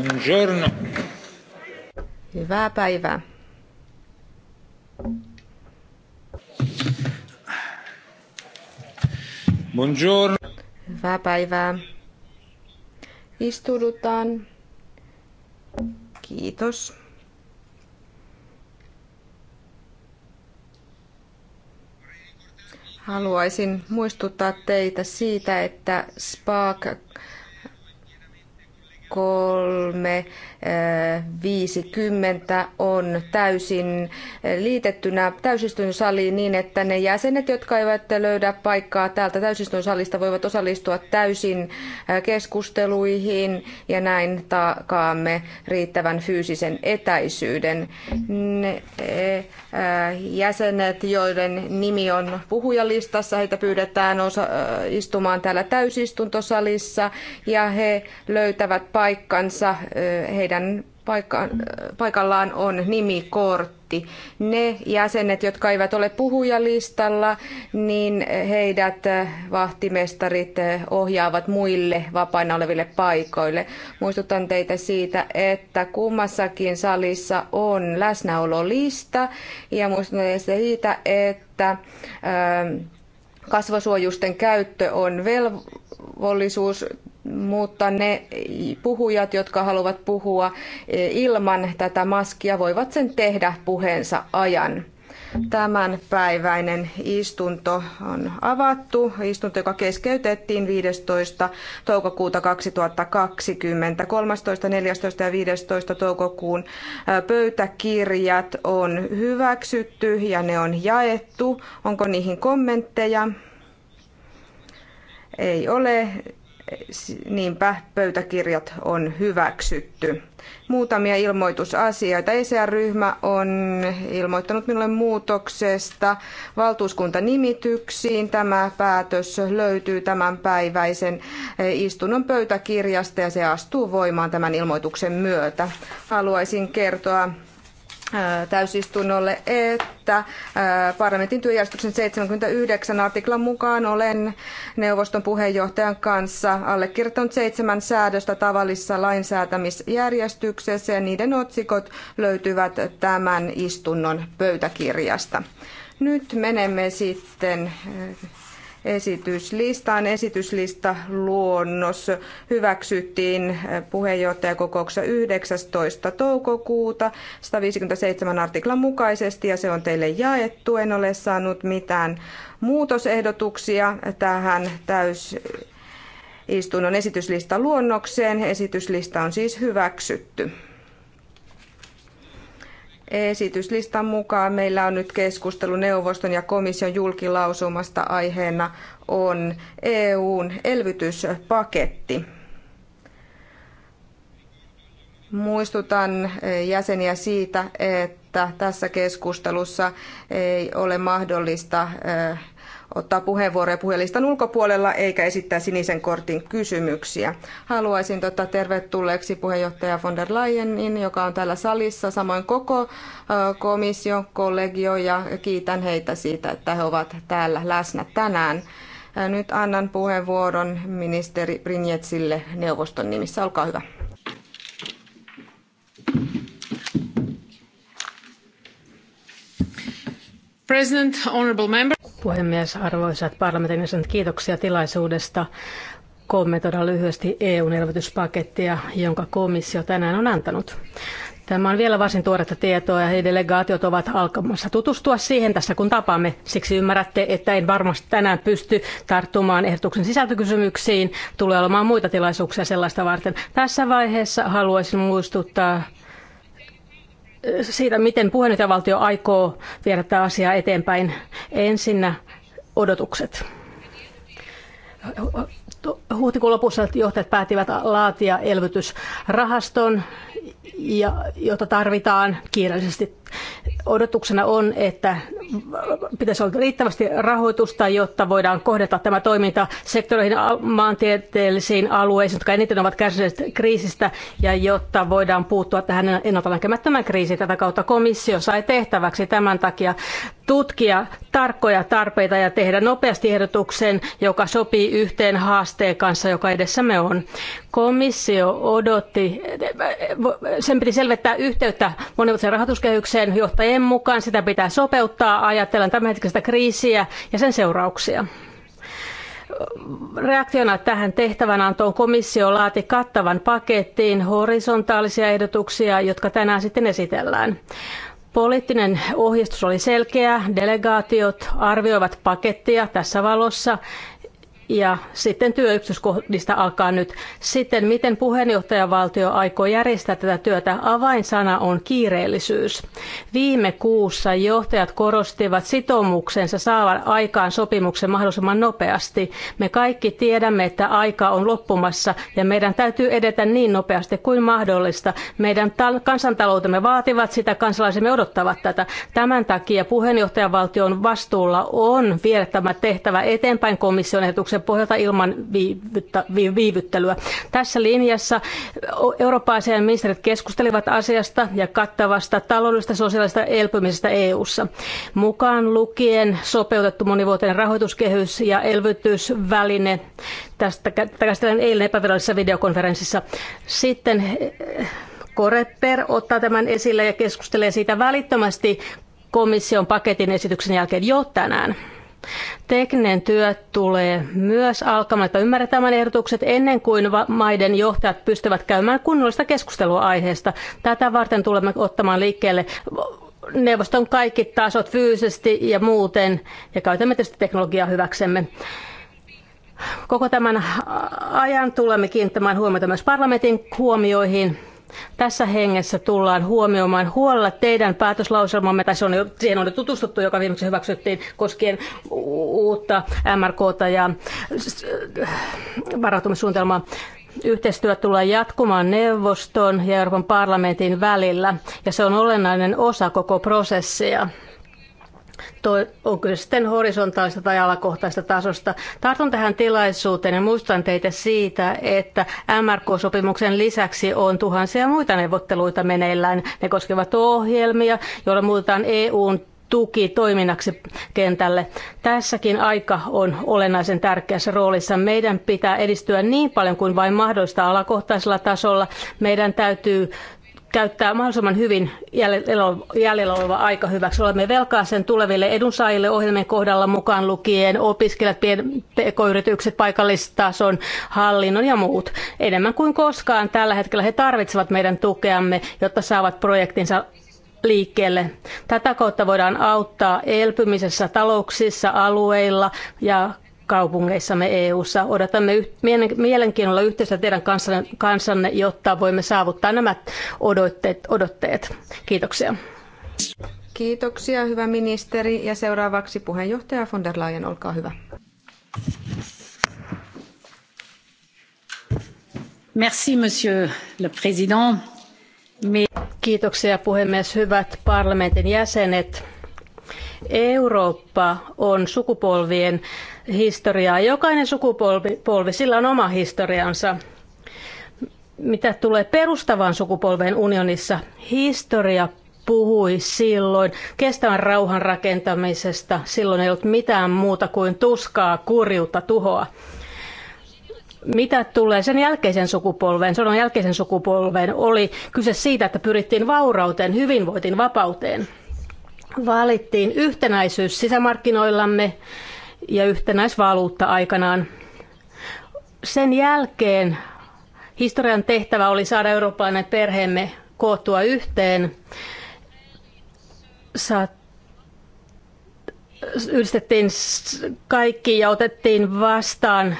Buongiorno. Hyvää päivää. Buongiorno. Hyvää päivää. Istudutaan. Kiitos. Haluaisin muistuttaa teitä siitä, että Spark kolme, eh, viisikymmentä on täysin eh, liitettynä täysistuntosaliin niin, että ne jäsenet, jotka eivät löydä paikkaa täältä täysistuntosalista, voivat osallistua täysin eh, keskusteluihin ja näin takaamme riittävän fyysisen etäisyyden. Ne jäsenet, joiden nimi on puhujalistassa, heitä pyydetään istumaan täällä täysistuntosalissa ja he löytävät paikkaa paikkansa, heidän paikallaan on nimikortti. Ne jäsenet, jotka eivät ole puhujalistalla, niin heidät vahtimestarit ohjaavat muille vapaina oleville paikoille. Muistutan teitä siitä, että kummassakin salissa on läsnäololista ja muistutan teitä siitä, että kasvosuojusten käyttö on velvollista velvollisuus mutta ne puhujat, jotka haluavat puhua ilman tätä maskia, voivat sen tehdä puheensa ajan. Tämänpäiväinen istunto on avattu. Istunto, joka keskeytettiin 15. toukokuuta 2020. 13, 14 ja 15 toukokuun pöytäkirjat on hyväksytty ja ne on jaettu. Onko niihin kommentteja? ei ole, niinpä pöytäkirjat on hyväksytty. Muutamia ilmoitusasioita. ECR-ryhmä on ilmoittanut minulle muutoksesta valtuuskuntanimityksiin. Tämä päätös löytyy tämänpäiväisen istunnon pöytäkirjasta ja se astuu voimaan tämän ilmoituksen myötä. Haluaisin kertoa Äh, täysistunnolle, että äh, parlamentin työjärjestyksen 79 artiklan mukaan olen neuvoston puheenjohtajan kanssa allekirjoittanut seitsemän säädöstä tavallisessa lainsäätämisjärjestyksessä ja niiden otsikot löytyvät tämän istunnon pöytäkirjasta. Nyt menemme sitten äh, esityslistaan. Esityslista luonnos hyväksyttiin puheenjohtajakokouksessa 19. toukokuuta 157 artiklan mukaisesti ja se on teille jaettu. En ole saanut mitään muutosehdotuksia tähän täys istunnon esityslista luonnokseen. Esityslista on siis hyväksytty. Esityslistan mukaan meillä on nyt keskustelu neuvoston ja komission julkilausumasta aiheena on EUn elvytyspaketti. Muistutan eh, jäseniä siitä, että tässä keskustelussa ei ole mahdollista eh, ottaa puheenvuoroja puhelistan ulkopuolella eikä esittää sinisen kortin kysymyksiä. Haluaisin tota, tervetulleeksi puheenjohtaja von der Leyenin, joka on täällä salissa, samoin koko komission kollegio ja kiitän heitä siitä, että he ovat täällä läsnä tänään. Nyt annan puheenvuoron ministeri Brinjetsille neuvoston nimissä. Olkaa hyvä. President, honorable members. Puhemies, arvoisat parlamentin jäsenet, kiitoksia tilaisuudesta kommentoida lyhyesti eu elvytyspakettia, jonka komissio tänään on antanut. Tämä on vielä varsin tuoretta tietoa ja delegaatiot ovat alkamassa tutustua siihen tässä kun tapaamme. Siksi ymmärrätte, että en varmasti tänään pysty tarttumaan ehdotuksen sisältökysymyksiin. Tulee olemaan muita tilaisuuksia sellaista varten. Tässä vaiheessa haluaisin muistuttaa siitä, miten puheenjohtajavaltio aikoo viedä tämä asia eteenpäin. Ensinnä odotukset. Huhtikuun lopussa johtajat päättivät laatia elvytysrahaston, ja, jota tarvitaan kiireellisesti Odotuksena on, että pitäisi olla riittävästi rahoitusta, jotta voidaan kohdata tämä toiminta sektoreihin maantieteellisiin alueisiin, jotka eniten ovat kärsineet kriisistä, ja jotta voidaan puuttua tähän ennaltanäkemättömän kriisiin. Tätä kautta komissio sai tehtäväksi tämän takia tutkia tarkkoja tarpeita ja tehdä nopeasti ehdotuksen, joka sopii yhteen haasteen kanssa, joka edessämme on. Komissio odotti, sen piti selvittää yhteyttä monivuotisen rahoituskehykseen, Kuten johtajien mukaan sitä pitää sopeuttaa ajatellen tämänhetkistä kriisiä ja sen seurauksia. Reaktiona tähän tehtävänantoon komissio laati kattavan pakettiin horisontaalisia ehdotuksia, jotka tänään sitten esitellään. Poliittinen ohjeistus oli selkeä, delegaatiot arvioivat pakettia tässä valossa ja sitten työyksityiskohdista alkaa nyt. Sitten, miten puheenjohtajavaltio aikoo järjestää tätä työtä? Avainsana on kiireellisyys. Viime kuussa johtajat korostivat sitoumuksensa saavan aikaan sopimuksen mahdollisimman nopeasti. Me kaikki tiedämme, että aika on loppumassa ja meidän täytyy edetä niin nopeasti kuin mahdollista. Meidän kansantaloutemme vaativat sitä, kansalaisemme odottavat tätä. Tämän takia puheenjohtajavaltion vastuulla on viedä tämä tehtävä eteenpäin komission sopimuksen pohjalta ilman viivyttelyä. Tässä linjassa eurooppalaisen ministerit keskustelivat asiasta ja kattavasta taloudellisesta sosiaalista elpymisestä EU:ssa. Mukaan lukien sopeutettu monivuotinen rahoituskehys ja elvytysväline. Tästä käsitellään eilen epävirallisessa videokonferenssissa. Sitten eh, Koreper ottaa tämän esille ja keskustelee siitä välittömästi komission paketin esityksen jälkeen jo tänään. Tekninen työ tulee myös alkamaan, että ymmärretään ehdotukset ennen kuin maiden johtajat pystyvät käymään kunnollista keskustelua aiheesta. Tätä varten tulemme ottamaan liikkeelle neuvoston kaikki tasot fyysisesti ja muuten, ja käytämme tietysti teknologiaa hyväksemme. Koko tämän ajan tulemme kiinnittämään huomiota myös parlamentin huomioihin tässä hengessä tullaan huomioimaan huolella teidän päätöslauselmamme, tai se on jo, siihen on jo tutustuttu, joka viimeksi hyväksyttiin koskien uutta MRKta ja varautumissuunnitelmaa. Yhteistyö tulee jatkumaan neuvoston ja Euroopan parlamentin välillä, ja se on olennainen osa koko prosessia on kyse sitten horisontaalista tai alakohtaista tasosta. Tartun tähän tilaisuuteen ja muistan teitä siitä, että MRK-sopimuksen lisäksi on tuhansia muita neuvotteluita meneillään. Ne koskevat ohjelmia, joilla muutetaan EUn tuki toiminnaksi kentälle. Tässäkin aika on olennaisen tärkeässä roolissa. Meidän pitää edistyä niin paljon kuin vain mahdollista alakohtaisella tasolla. Meidän täytyy käyttää mahdollisimman hyvin jäljellä oleva aika hyväksi. Olemme velkaa sen tuleville edunsaajille ohjelmien kohdalla mukaan lukien opiskelijat, pk-yritykset, paikallistason, hallinnon ja muut. Enemmän kuin koskaan tällä hetkellä he tarvitsevat meidän tukeamme, jotta saavat projektinsa liikkeelle. Tätä kautta voidaan auttaa elpymisessä talouksissa, alueilla ja kaupungeissamme EU-ssa. Odotamme mielenkiinnolla yhteistä teidän kanssanne, jotta voimme saavuttaa nämä odotteet. odotteet. Kiitoksia. Kiitoksia, hyvä ministeri. Ja seuraavaksi puheenjohtaja von der Leyen, olkaa hyvä. Merci, monsieur le président. Kiitoksia puhemies, hyvät parlamentin jäsenet. Eurooppa on sukupolvien historiaa. Jokainen sukupolvi polvi, sillä on oma historiansa. Mitä tulee perustavaan sukupolven unionissa, historia puhui silloin kestävän rauhan rakentamisesta. Silloin ei ollut mitään muuta kuin tuskaa, kurjuutta, tuhoa. Mitä tulee sen jälkeisen sukupolven, sodan jälkeisen sukupolven, oli kyse siitä, että pyrittiin vaurauteen, hyvinvointiin, vapauteen. Valittiin yhtenäisyys sisämarkkinoillamme ja yhtenäisvaluutta aikanaan. Sen jälkeen historian tehtävä oli saada eurooppalainen perheemme koottua yhteen. Saat yhdistettiin kaikki ja otettiin vastaan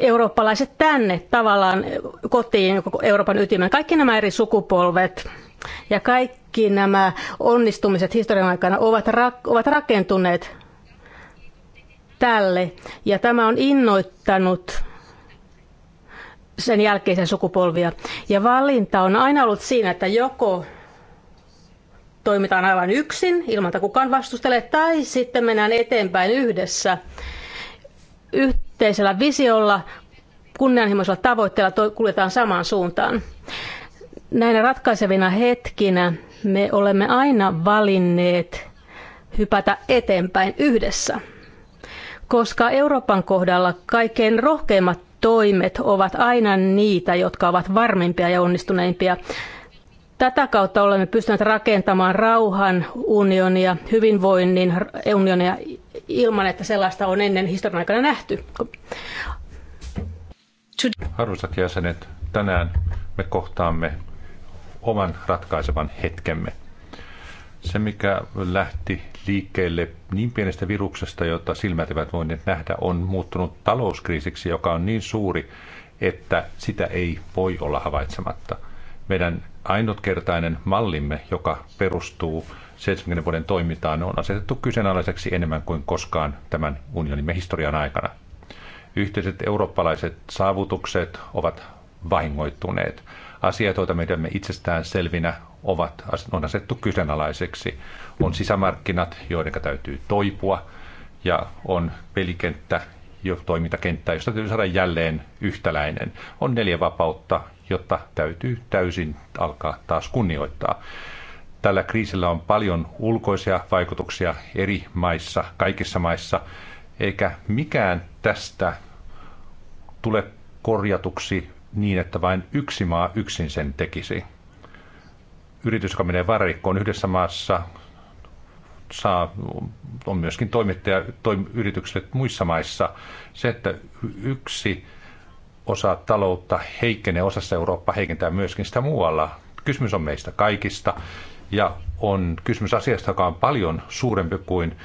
eurooppalaiset tänne tavallaan kotiin Euroopan ytimen. Kaikki nämä eri sukupolvet ja kaikki nämä onnistumiset historian aikana ovat, ra- ovat rakentuneet tälle. Ja tämä on innoittanut sen jälkeisen sukupolvia. Ja valinta on aina ollut siinä, että joko toimitaan aivan yksin, ilman että kukaan vastustelee, tai sitten mennään eteenpäin yhdessä yhteisellä visiolla, kunnianhimoisella tavoitteella kuljetaan samaan suuntaan. Näinä ratkaisevina hetkinä me olemme aina valinneet hypätä eteenpäin yhdessä koska Euroopan kohdalla kaikkein rohkeimmat toimet ovat aina niitä, jotka ovat varmimpia ja onnistuneimpia. Tätä kautta olemme pystyneet rakentamaan rauhan unionia, hyvinvoinnin unionia ilman, että sellaista on ennen historian aikana nähty. Arvoisat jäsenet, tänään me kohtaamme oman ratkaisevan hetkemme. Se, mikä lähti liikkeelle niin pienestä viruksesta, jota silmät eivät voineet nähdä, on muuttunut talouskriisiksi, joka on niin suuri, että sitä ei voi olla havaitsematta. Meidän ainutkertainen mallimme, joka perustuu 70 vuoden toimintaan, on asetettu kyseenalaiseksi enemmän kuin koskaan tämän unionimme historian aikana. Yhteiset eurooppalaiset saavutukset ovat vahingoittuneet. Asiat, joita meidän itsestään selvinä, ovat, on asettu kyseenalaiseksi. On sisämarkkinat, joiden täytyy toipua, ja on pelikenttä, jo toimintakenttä, josta täytyy saada jälleen yhtäläinen. On neljä vapautta, jotta täytyy täysin alkaa taas kunnioittaa. Tällä kriisillä on paljon ulkoisia vaikutuksia eri maissa, kaikissa maissa, eikä mikään tästä tule korjatuksi niin, että vain yksi maa yksin sen tekisi yritys, joka menee vararikkoon yhdessä maassa, saa, on myöskin toimittaja toim, yrityksille muissa maissa. Se, että yksi osa taloutta heikkenee osassa Eurooppaa, heikentää myöskin sitä muualla. Kysymys on meistä kaikista ja on kysymys asiasta, joka on paljon suurempi kuin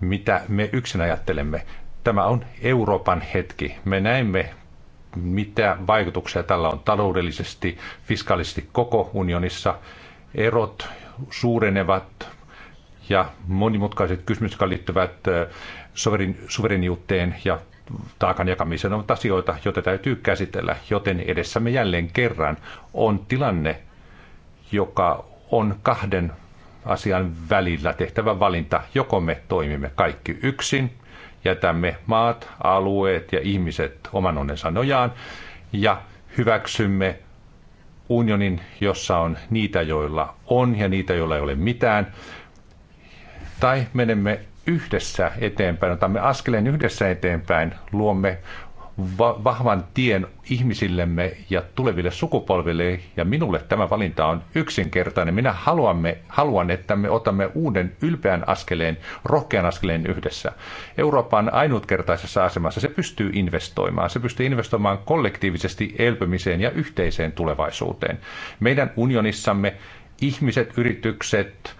mitä me yksin ajattelemme. Tämä on Euroopan hetki. Me näemme, mitä vaikutuksia tällä on taloudellisesti, fiskaalisesti koko unionissa – erot suurenevat ja monimutkaiset kysymykset, jotka liittyvät suvereniuteen ja taakan jakamiseen, ovat asioita, joita täytyy käsitellä, joten edessämme jälleen kerran on tilanne, joka on kahden asian välillä tehtävä valinta. Joko me toimimme kaikki yksin, jätämme maat, alueet ja ihmiset oman onnensa nojaan ja hyväksymme unionin, jossa on niitä, joilla on ja niitä, joilla ei ole mitään, tai menemme yhdessä eteenpäin, otamme askeleen yhdessä eteenpäin, luomme va- vahvan tien ihmisillemme ja tuleville sukupolville. Ja minulle tämä valinta on yksinkertainen. Minä haluamme, haluan, että me otamme uuden ylpeän askeleen, rohkean askeleen yhdessä. Eurooppa on ainutkertaisessa asemassa. Se pystyy investoimaan. Se pystyy investoimaan kollektiivisesti elpymiseen ja yhteiseen tulevaisuuteen. Meidän unionissamme ihmiset, yritykset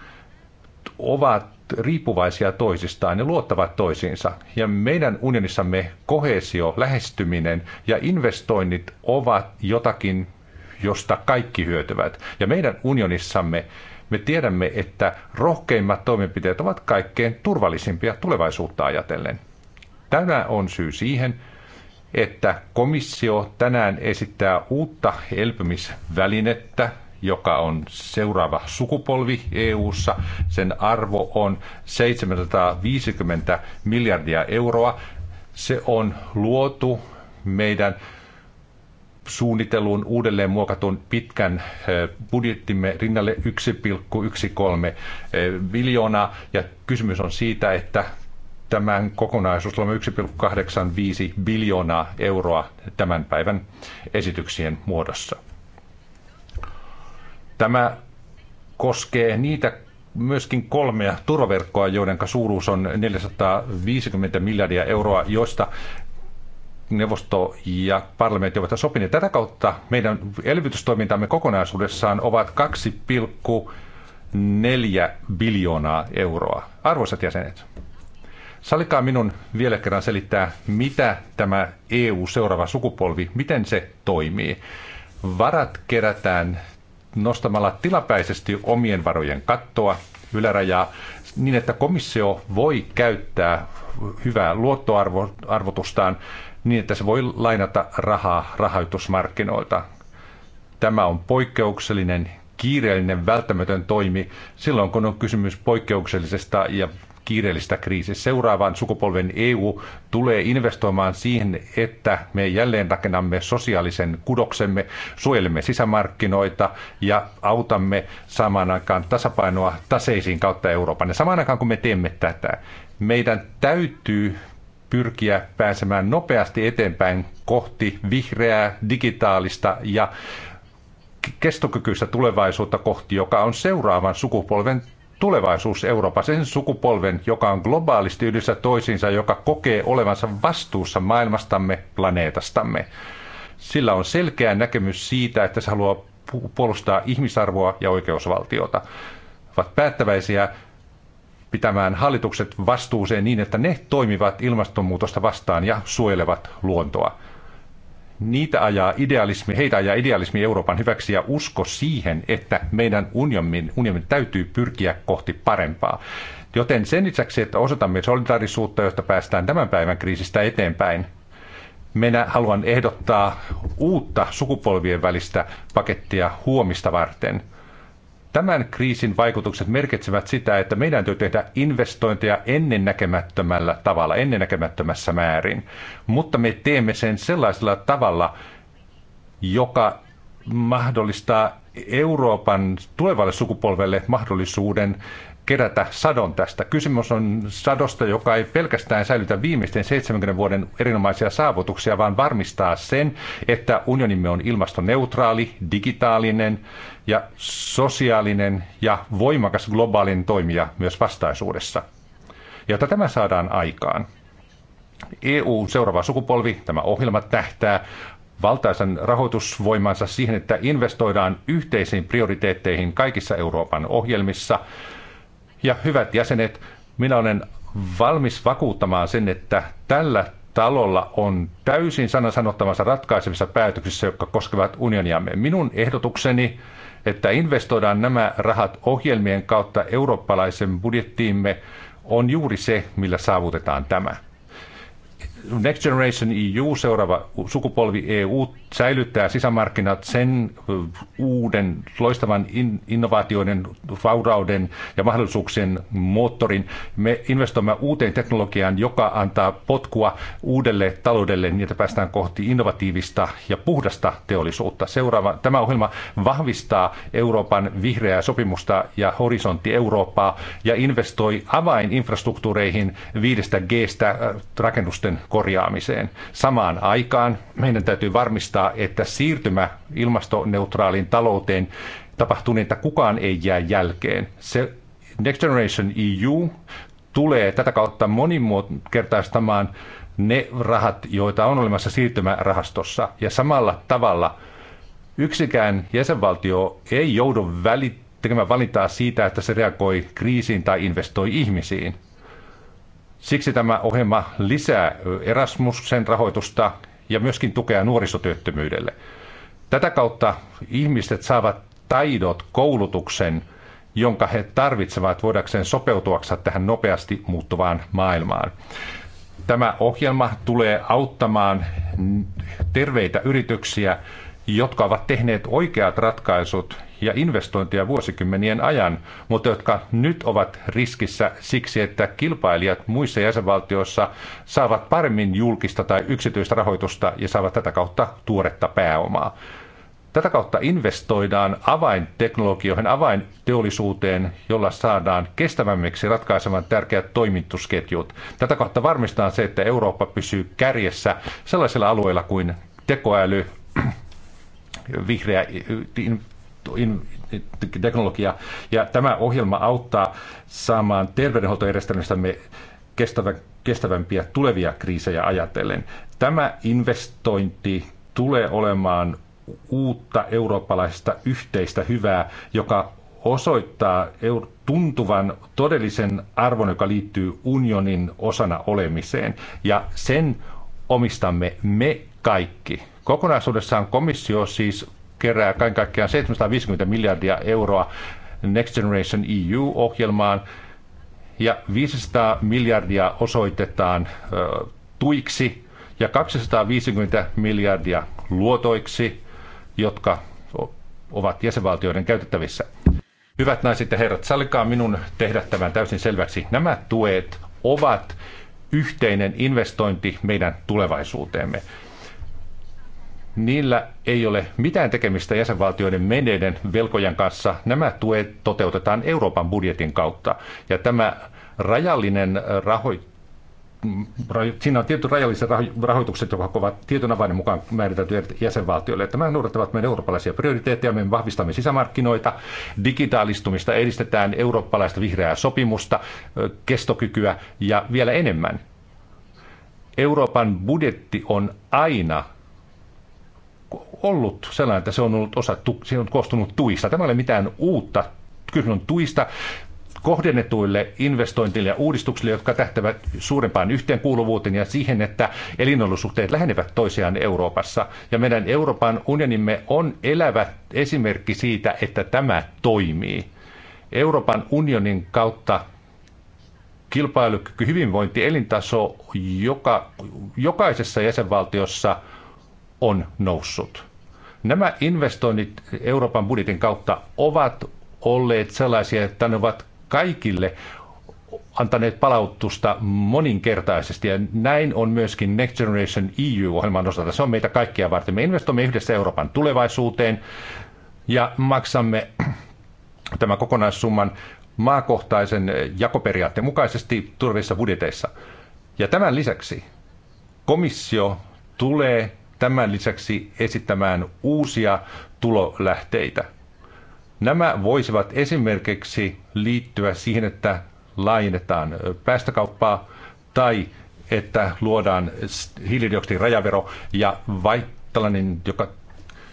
ovat riippuvaisia toisistaan ja luottavat toisiinsa. Ja meidän unionissamme kohesio, lähestyminen ja investoinnit ovat jotakin, josta kaikki hyötyvät. Ja meidän unionissamme me tiedämme, että rohkeimmat toimenpiteet ovat kaikkein turvallisimpia tulevaisuutta ajatellen. Tämä on syy siihen, että komissio tänään esittää uutta elpymisvälinettä, joka on seuraava sukupolvi EU:ssa. Sen arvo on 750 miljardia euroa. Se on luotu meidän suunnitellun uudelleen muokatun pitkän budjettimme rinnalle 1,13 miljoonaa. Ja kysymys on siitä, että tämän kokonaisuus on 1,85 biljoonaa euroa tämän päivän esityksien muodossa. Tämä koskee niitä myöskin kolmea turvaverkkoa, joiden suuruus on 450 miljardia euroa, joista neuvosto ja parlamentti ovat sopineet. Tätä kautta meidän elvytystoimintamme kokonaisuudessaan ovat 2,4 biljoonaa euroa. Arvoisat jäsenet, salikaa minun vielä kerran selittää, mitä tämä EU-seuraava sukupolvi, miten se toimii. Varat kerätään nostamalla tilapäisesti omien varojen kattoa, ylärajaa, niin että komissio voi käyttää hyvää luottoarvotustaan niin, että se voi lainata rahaa rahoitusmarkkinoilta. Tämä on poikkeuksellinen, kiireellinen, välttämätön toimi silloin, kun on kysymys poikkeuksellisesta ja kiireellistä kriisiä. Seuraavan sukupolven EU tulee investoimaan siihen, että me jälleen rakennamme sosiaalisen kudoksemme, suojelemme sisämarkkinoita ja autamme samaan aikaan tasapainoa taseisiin kautta Euroopan. Ja samaan aikaan kun me teemme tätä, meidän täytyy pyrkiä pääsemään nopeasti eteenpäin kohti vihreää, digitaalista ja kestokykyistä tulevaisuutta kohti, joka on seuraavan sukupolven tulevaisuus Euroopassa, sen sukupolven, joka on globaalisti yhdessä toisiinsa, joka kokee olevansa vastuussa maailmastamme, planeetastamme. Sillä on selkeä näkemys siitä, että se haluaa puolustaa ihmisarvoa ja oikeusvaltiota. Ovat päättäväisiä pitämään hallitukset vastuuseen niin, että ne toimivat ilmastonmuutosta vastaan ja suojelevat luontoa. Niitä ajaa idealismi, heitä ajaa idealismi Euroopan hyväksi ja usko siihen, että meidän unionin, unionin täytyy pyrkiä kohti parempaa. Joten sen lisäksi, että osoitamme solidaarisuutta, josta päästään tämän päivän kriisistä eteenpäin, minä haluan ehdottaa uutta sukupolvien välistä pakettia huomista varten – Tämän kriisin vaikutukset merkitsevät sitä, että meidän täytyy tehdä investointeja ennennäkemättömällä tavalla, ennennäkemättömässä määrin. Mutta me teemme sen sellaisella tavalla, joka mahdollistaa Euroopan tulevalle sukupolvelle mahdollisuuden kerätä sadon tästä. Kysymys on sadosta, joka ei pelkästään säilytä viimeisten 70 vuoden erinomaisia saavutuksia, vaan varmistaa sen, että unionimme on ilmastoneutraali, digitaalinen ja sosiaalinen ja voimakas globaalin toimija myös vastaisuudessa. Jotta tämä saadaan aikaan, EU seuraava sukupolvi, tämä ohjelma tähtää valtaisen rahoitusvoimansa siihen, että investoidaan yhteisiin prioriteetteihin kaikissa Euroopan ohjelmissa – ja hyvät jäsenet, minä olen valmis vakuuttamaan sen, että tällä talolla on täysin sanan sanottamassa ratkaisevissa päätöksissä, jotka koskevat unioniamme. Minun ehdotukseni, että investoidaan nämä rahat ohjelmien kautta eurooppalaisen budjettiimme, on juuri se, millä saavutetaan tämä. Next Generation EU, seuraava sukupolvi EU, säilyttää sisämarkkinat sen uuden loistavan in, innovaatioiden, vaurauden ja mahdollisuuksien moottorin. Me investoimme uuteen teknologiaan, joka antaa potkua uudelle taloudelle, niin että päästään kohti innovatiivista ja puhdasta teollisuutta. Seuraava, tämä ohjelma vahvistaa Euroopan vihreää sopimusta ja horisontti Eurooppaa ja investoi avaininfrastruktuureihin 5Gstä rakennusten korjaamiseen. Samaan aikaan meidän täytyy varmistaa, että siirtymä ilmastoneutraaliin talouteen tapahtuu niin, että kukaan ei jää jälkeen. Se Next Generation EU tulee tätä kautta monimuotokertaistamaan ne rahat, joita on olemassa siirtymärahastossa. Ja samalla tavalla yksikään jäsenvaltio ei joudu välittämään tekemään valintaa siitä, että se reagoi kriisiin tai investoi ihmisiin. Siksi tämä ohjelma lisää Erasmuksen rahoitusta ja myöskin tukea nuorisotyöttömyydelle. Tätä kautta ihmiset saavat taidot, koulutuksen, jonka he tarvitsevat voidakseen sopeutuaksa tähän nopeasti muuttuvaan maailmaan. Tämä ohjelma tulee auttamaan terveitä yrityksiä jotka ovat tehneet oikeat ratkaisut ja investointia vuosikymmenien ajan, mutta jotka nyt ovat riskissä siksi, että kilpailijat muissa jäsenvaltioissa saavat paremmin julkista tai yksityistä rahoitusta ja saavat tätä kautta tuoretta pääomaa. Tätä kautta investoidaan avainteknologioihin, avainteollisuuteen, jolla saadaan kestävämmiksi ratkaisemaan tärkeät toimitusketjut. Tätä kautta varmistetaan se, että Eurooppa pysyy kärjessä sellaisilla alueilla kuin tekoäly, vihreä teknologia. Ja tämä ohjelma auttaa saamaan terveydenhuoltojärjestelmästämme kestävä, kestävämpiä tulevia kriisejä ajatellen. Tämä investointi tulee olemaan uutta eurooppalaista yhteistä hyvää, joka osoittaa tuntuvan todellisen arvon, joka liittyy unionin osana olemiseen. Ja sen omistamme me kaikki. Kokonaisuudessaan komissio siis kerää kaiken kaikkiaan 750 miljardia euroa Next Generation EU-ohjelmaan ja 500 miljardia osoitetaan ö, tuiksi ja 250 miljardia luotoiksi, jotka ovat jäsenvaltioiden käytettävissä. Hyvät naiset ja herrat, sallikaa minun tehdä tämän täysin selväksi. Nämä tuet ovat yhteinen investointi meidän tulevaisuuteemme. Niillä ei ole mitään tekemistä jäsenvaltioiden menneiden velkojen kanssa. Nämä tuet toteutetaan Euroopan budjetin kautta. Ja tämä rajallinen rahoitus mm, siinä on tietyt rajalliset rahoitukset, jotka ovat tietyn avainen mukaan määritelty jäsenvaltioille. Tämä noudattavat meidän eurooppalaisia prioriteetteja, me vahvistamme sisämarkkinoita, digitaalistumista edistetään, eurooppalaista vihreää sopimusta, kestokykyä ja vielä enemmän. Euroopan budjetti on aina ollut sellainen, että se on ollut osa, se on koostunut tuista. Tämä ei ole mitään uutta. Kyllä on tuista kohdennetuille investointille ja uudistuksille, jotka tähtävät suurempaan yhteenkuuluvuuteen ja siihen, että elinolosuhteet lähenevät toisiaan Euroopassa. Ja meidän Euroopan unionimme on elävä esimerkki siitä, että tämä toimii. Euroopan unionin kautta kilpailukyky, hyvinvointi, elintaso joka, jokaisessa jäsenvaltiossa on noussut. Nämä investoinnit Euroopan budjetin kautta ovat olleet sellaisia, että ne ovat kaikille antaneet palautusta moninkertaisesti ja näin on myöskin Next Generation EU-ohjelman osalta. Se on meitä kaikkia varten. Me investoimme yhdessä Euroopan tulevaisuuteen ja maksamme tämän kokonaissumman maakohtaisen jakoperiaatteen mukaisesti tulevissa budjeteissa. Ja tämän lisäksi komissio tulee tämän lisäksi esittämään uusia tulolähteitä. Nämä voisivat esimerkiksi liittyä siihen, että laajennetaan päästökauppaa tai että luodaan hiilidioksidin rajavero ja vai tällainen, joka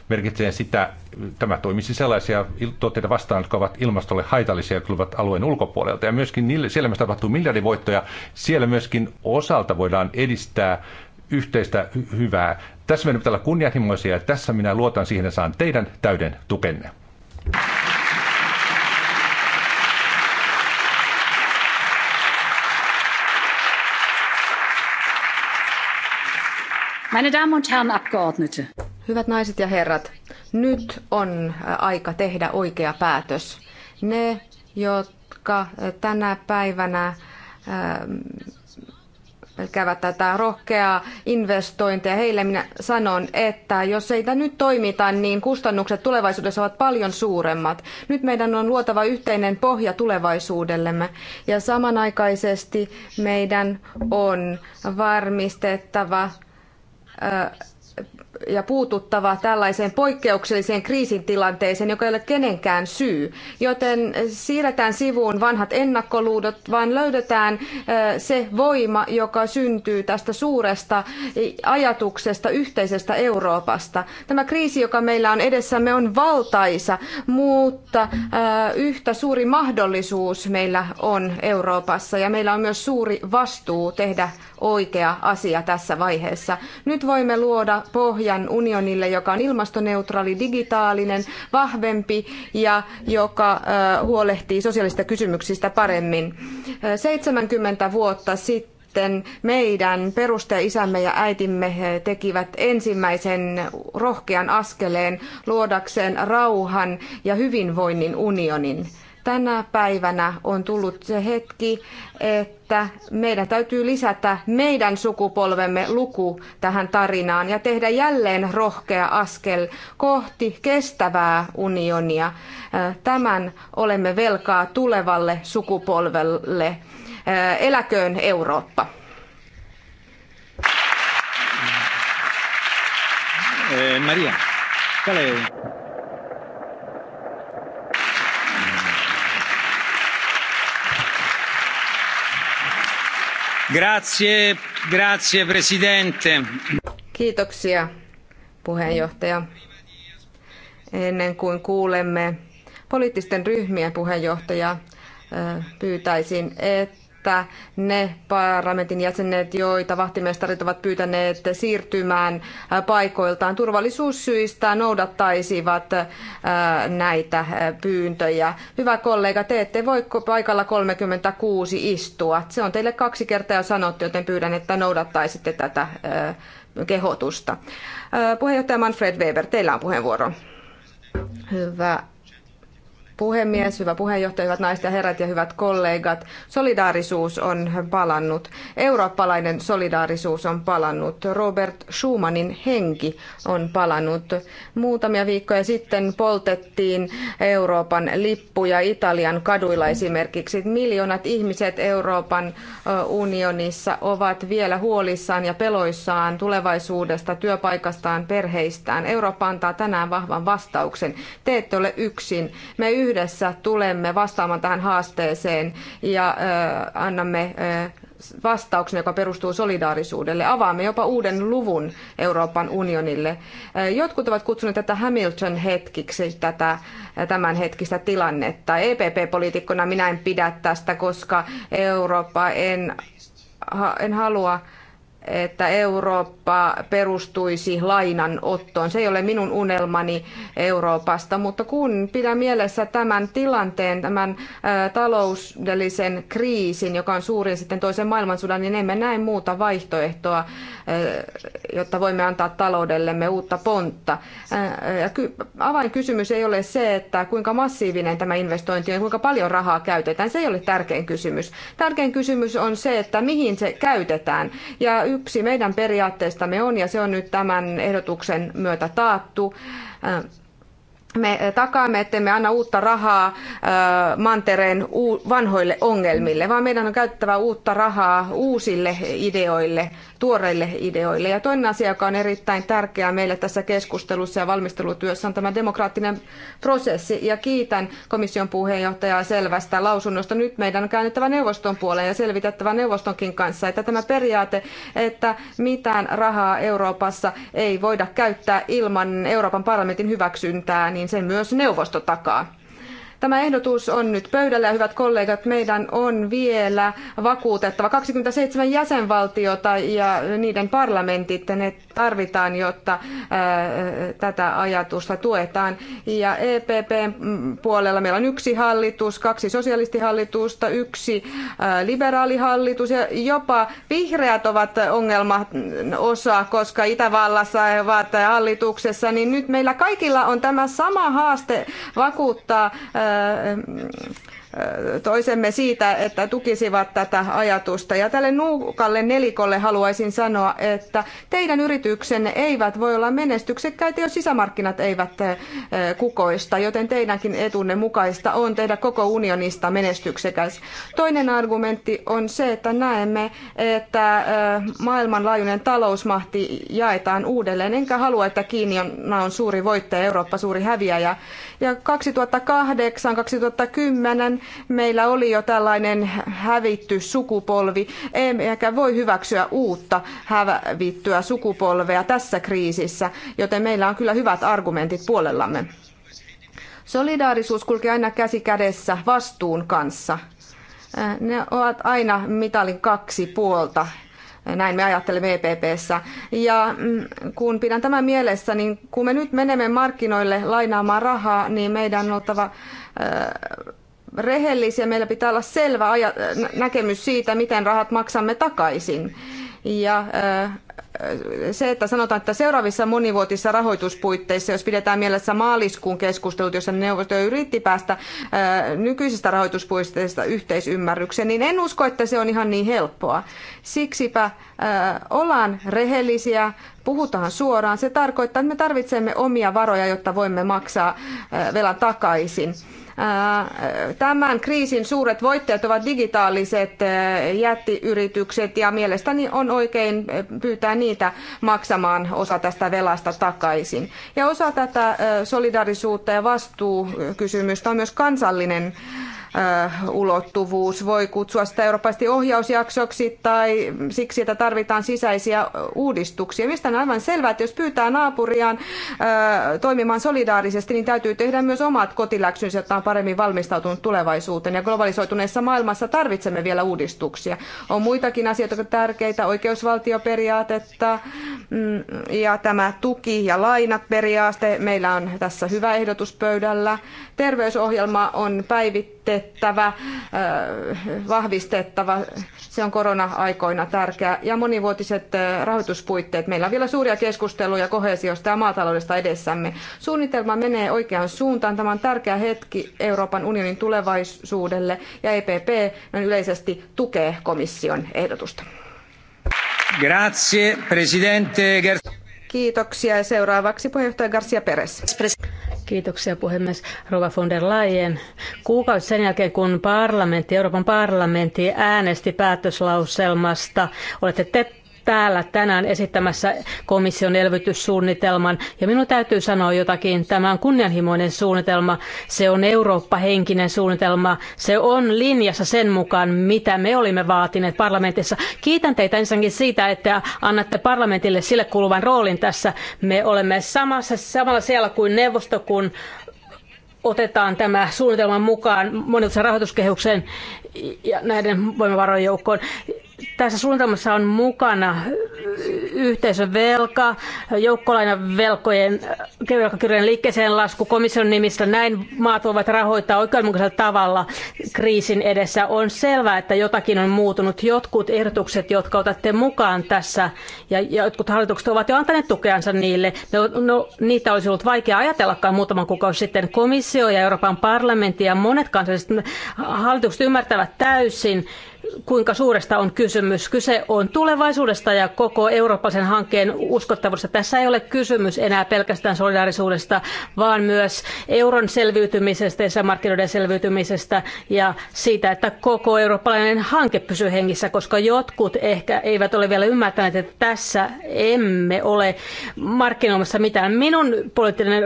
merkitsee sitä, tämä toimisi sellaisia tuotteita vastaan, jotka ovat ilmastolle haitallisia ja tulevat alueen ulkopuolelta. Ja myöskin niille, siellä myös tapahtuu miljardivoittoja. Siellä myöskin osalta voidaan edistää yhteistä hyvää. Tässä meidän pitää olla kunnianhimoisia ja tässä minä luotan siihen ja saan teidän täyden tukenne. Meine Damen und Herren Abgeordnete. Hyvät naiset ja herrat, nyt on äh, aika tehdä oikea päätös. Ne, jotka äh, tänä päivänä ähm, pelkäävät tätä rohkeaa investointia. Heille minä sanon, että jos ei nyt toimita, niin kustannukset tulevaisuudessa ovat paljon suuremmat. Nyt meidän on luotava yhteinen pohja tulevaisuudellemme ja samanaikaisesti meidän on varmistettava ja puututtava tällaiseen poikkeukselliseen kriisintilanteeseen, joka ei ole kenenkään syy. Joten siirretään sivuun vanhat ennakkoluudot, vaan löydetään se voima, joka syntyy tästä suuresta ajatuksesta yhteisestä Euroopasta. Tämä kriisi, joka meillä on edessämme, on valtaisa, mutta yhtä suuri mahdollisuus meillä on Euroopassa ja meillä on myös suuri vastuu tehdä oikea asia tässä vaiheessa. Nyt voimme luoda pohjan unionille, joka on ilmastoneutraali, digitaalinen, vahvempi ja joka huolehtii sosiaalisista kysymyksistä paremmin. 70 vuotta sitten sitten meidän isämme ja äitimme tekivät ensimmäisen rohkean askeleen luodakseen rauhan ja hyvinvoinnin unionin tänä päivänä on tullut se hetki, että meidän täytyy lisätä meidän sukupolvemme luku tähän tarinaan ja tehdä jälleen rohkea askel kohti kestävää unionia. Äh, tämän olemme velkaa tulevalle sukupolvelle. Äh, eläköön Eurooppa. Eh, Maria, arvoisa puhemies Kiitoksia puheenjohtaja. Ennen kuin kuulemme poliittisten ryhmien puheenjohtajia, pyytäisin, että että ne parlamentin jäsenet, joita vahtimestarit ovat pyytäneet siirtymään äh, paikoiltaan turvallisuussyistä, noudattaisivat äh, näitä äh, pyyntöjä. Hyvä kollega, te ette voi paikalla 36 istua. Se on teille kaksi kertaa jo sanottu, joten pyydän, että noudattaisitte tätä kehotusta. Puheenjohtaja Manfred Weber, teillä on puheenvuoro. Hyvä puhemies, hyvä puheenjohtaja, hyvät naiset ja herrat ja hyvät kollegat. Solidaarisuus on palannut. Eurooppalainen solidaarisuus on palannut. Robert Schumannin henki on palannut. Muutamia viikkoja sitten poltettiin Euroopan lippuja Italian kaduilla esimerkiksi. Miljoonat ihmiset Euroopan unionissa ovat vielä huolissaan ja peloissaan tulevaisuudesta, työpaikastaan, perheistään. Eurooppa antaa tänään vahvan vastauksen. Te ette ole yksin. Me yhdessä yhdessä tulemme vastaamaan tähän haasteeseen ja annamme vastauksen, joka perustuu solidaarisuudelle. Avaamme jopa uuden luvun Euroopan unionille. Jotkut ovat kutsuneet tätä Hamilton-hetkiksi, tätä tämänhetkistä tilannetta. EPP-poliitikkona minä en pidä tästä, koska Eurooppa en, en halua että Eurooppa perustuisi lainanottoon. Se ei ole minun unelmani Euroopasta, mutta kun pidän mielessä tämän tilanteen, tämän taloudellisen kriisin, joka on suurin sitten toisen maailmansodan, niin emme näe muuta vaihtoehtoa Eh, jotta voimme antaa taloudellemme uutta pontta. Eh, avainkysymys ei ole se, että kuinka massiivinen tämä investointi on ja kuinka paljon rahaa käytetään. Se ei ole tärkein kysymys. Tärkein kysymys on se, että mihin se käytetään. Ja yksi meidän periaatteistamme on, ja se on nyt tämän ehdotuksen myötä taattu, eh, me takaamme, että me anna uutta rahaa mantereen vanhoille ongelmille, vaan meidän on käytettävä uutta rahaa uusille ideoille, tuoreille ideoille. Ja toinen asia, joka on erittäin tärkeää meille tässä keskustelussa ja valmistelutyössä, on tämä demokraattinen prosessi. Ja kiitän komission puheenjohtajaa selvästä lausunnosta. Nyt meidän on käännettävä neuvoston puoleen ja selvitettävä neuvostonkin kanssa, että tämä periaate, että mitään rahaa Euroopassa ei voida käyttää ilman Euroopan parlamentin hyväksyntää, niin sen myös neuvosto takaa. Tämä ehdotus on nyt pöydällä ja hyvät kollegat, meidän on vielä vakuutettava 27 jäsenvaltiota ja niiden parlamentit, ne tarvitaan, jotta äh, tätä ajatusta tuetaan. Ja EPPn puolella meillä on yksi hallitus, kaksi sosialistihallitusta, yksi äh, liberaalihallitus ja jopa vihreät ovat ongelman mm, osa, koska Itävallassa he ovat hallituksessa, niin nyt meillä kaikilla on tämä sama haaste vakuuttaa äh, toisemme siitä, että tukisivat tätä ajatusta. Ja tälle nuukalle nelikolle haluaisin sanoa, että teidän yrityksenne eivät voi olla menestyksekkäitä, jos sisämarkkinat eivät kukoista, joten teidänkin etunne mukaista on tehdä koko unionista menestyksekäs. Toinen argumentti on se, että näemme, että maailmanlaajuinen talousmahti jaetaan uudelleen, enkä halua, että Kiina on suuri voittaja, Eurooppa suuri häviäjä. Ja 2008-2010 meillä oli jo tällainen hävitty sukupolvi, emmekä voi hyväksyä uutta hävittyä sukupolvea tässä kriisissä, joten meillä on kyllä hyvät argumentit puolellamme. Solidaarisuus kulkee aina käsi kädessä vastuun kanssa. Ne ovat aina mitalin kaksi puolta. Näin me ajattelemme EPPssä. Ja mm, kun pidän tämän mielessä, niin kun me nyt menemme markkinoille lainaamaan rahaa, niin meidän on oltava äh, rehellisiä. Meillä pitää olla selvä näkemys siitä, miten rahat maksamme takaisin. Ja äh, se, että sanotaan, että seuraavissa monivuotisissa rahoituspuitteissa, jos pidetään mielessä maaliskuun keskustelut, jossa neuvosto yritti päästä nykyisistä rahoituspuitteista yhteisymmärrykseen, niin en usko, että se on ihan niin helppoa. Siksipä ollaan rehellisiä, puhutaan suoraan. Se tarkoittaa, että me tarvitsemme omia varoja, jotta voimme maksaa velan takaisin. Tämän kriisin suuret voittajat ovat digitaaliset jättiyritykset ja mielestäni on oikein pyytää niitä maksamaan osa tästä velasta takaisin. Ja osa tätä solidarisuutta ja vastuukysymystä on myös kansallinen Äh, ulottuvuus. Voi kutsua sitä eurooppaisesti ohjausjaksoksi tai siksi, että tarvitaan sisäisiä uudistuksia. Mistä on aivan selvää, että jos pyytää naapuriaan äh, toimimaan solidaarisesti, niin täytyy tehdä myös omat kotiläksynsä, jotta on paremmin valmistautunut tulevaisuuteen. Ja globalisoituneessa maailmassa tarvitsemme vielä uudistuksia. On muitakin asioita, jotka tärkeitä, oikeusvaltioperiaatetta mm, ja tämä tuki- ja lainat periaate. Meillä on tässä hyvä ehdotus pöydällä. Terveysohjelma on päivittäin säilytettävä, vahvistettava. Se on korona-aikoina tärkeää. Ja monivuotiset rahoituspuitteet. Meillä on vielä suuria keskusteluja kohesiosta ja maataloudesta edessämme. Suunnitelma menee oikeaan suuntaan. Tämä on tärkeä hetki Euroopan unionin tulevaisuudelle ja EPP yleisesti tukee komission ehdotusta. Grazie, presidente Kiitoksia. Ja seuraavaksi puheenjohtaja Garcia Perez. Kiitoksia puhemies Rova von der Leyen. Kuukausi sen jälkeen, kun parlamentti, Euroopan parlamentti äänesti päätöslauselmasta, olette te täällä tänään esittämässä komission elvytyssuunnitelman. Ja minun täytyy sanoa jotakin. Tämä on kunnianhimoinen suunnitelma. Se on Eurooppa-henkinen suunnitelma. Se on linjassa sen mukaan, mitä me olimme vaatineet parlamentissa. Kiitän teitä ensinnäkin siitä, että annatte parlamentille sille kuuluvan roolin tässä. Me olemme samassa, samalla siellä kuin neuvosto, kun otetaan tämä suunnitelman mukaan monivuotisen rahoituskehyksen ja näiden voimavarojen joukkoon tässä suunnitelmassa on mukana yhteisövelka, velka, joukkolainan velkojen velkakirjojen liikkeeseen lasku komission nimissä. Näin maat voivat rahoittaa oikeudenmukaisella tavalla kriisin edessä. On selvää, että jotakin on muutunut. Jotkut ehdotukset, jotka otatte mukaan tässä, ja jotkut hallitukset ovat jo antaneet tukeansa niille. No, no, niitä olisi ollut vaikea ajatellakaan muutaman kuukausi sitten. Komissio ja Euroopan parlamentti ja monet kansalliset hallitukset ymmärtävät täysin, kuinka suuresta on kysymys. Kyse on tulevaisuudesta ja koko eurooppalaisen hankkeen uskottavuudesta. Tässä ei ole kysymys enää pelkästään solidaarisuudesta, vaan myös euron selviytymisestä ja markkinoiden selviytymisestä ja siitä, että koko eurooppalainen hanke pysyy hengissä, koska jotkut ehkä eivät ole vielä ymmärtäneet, että tässä emme ole markkinoimassa mitään. Minun poliittinen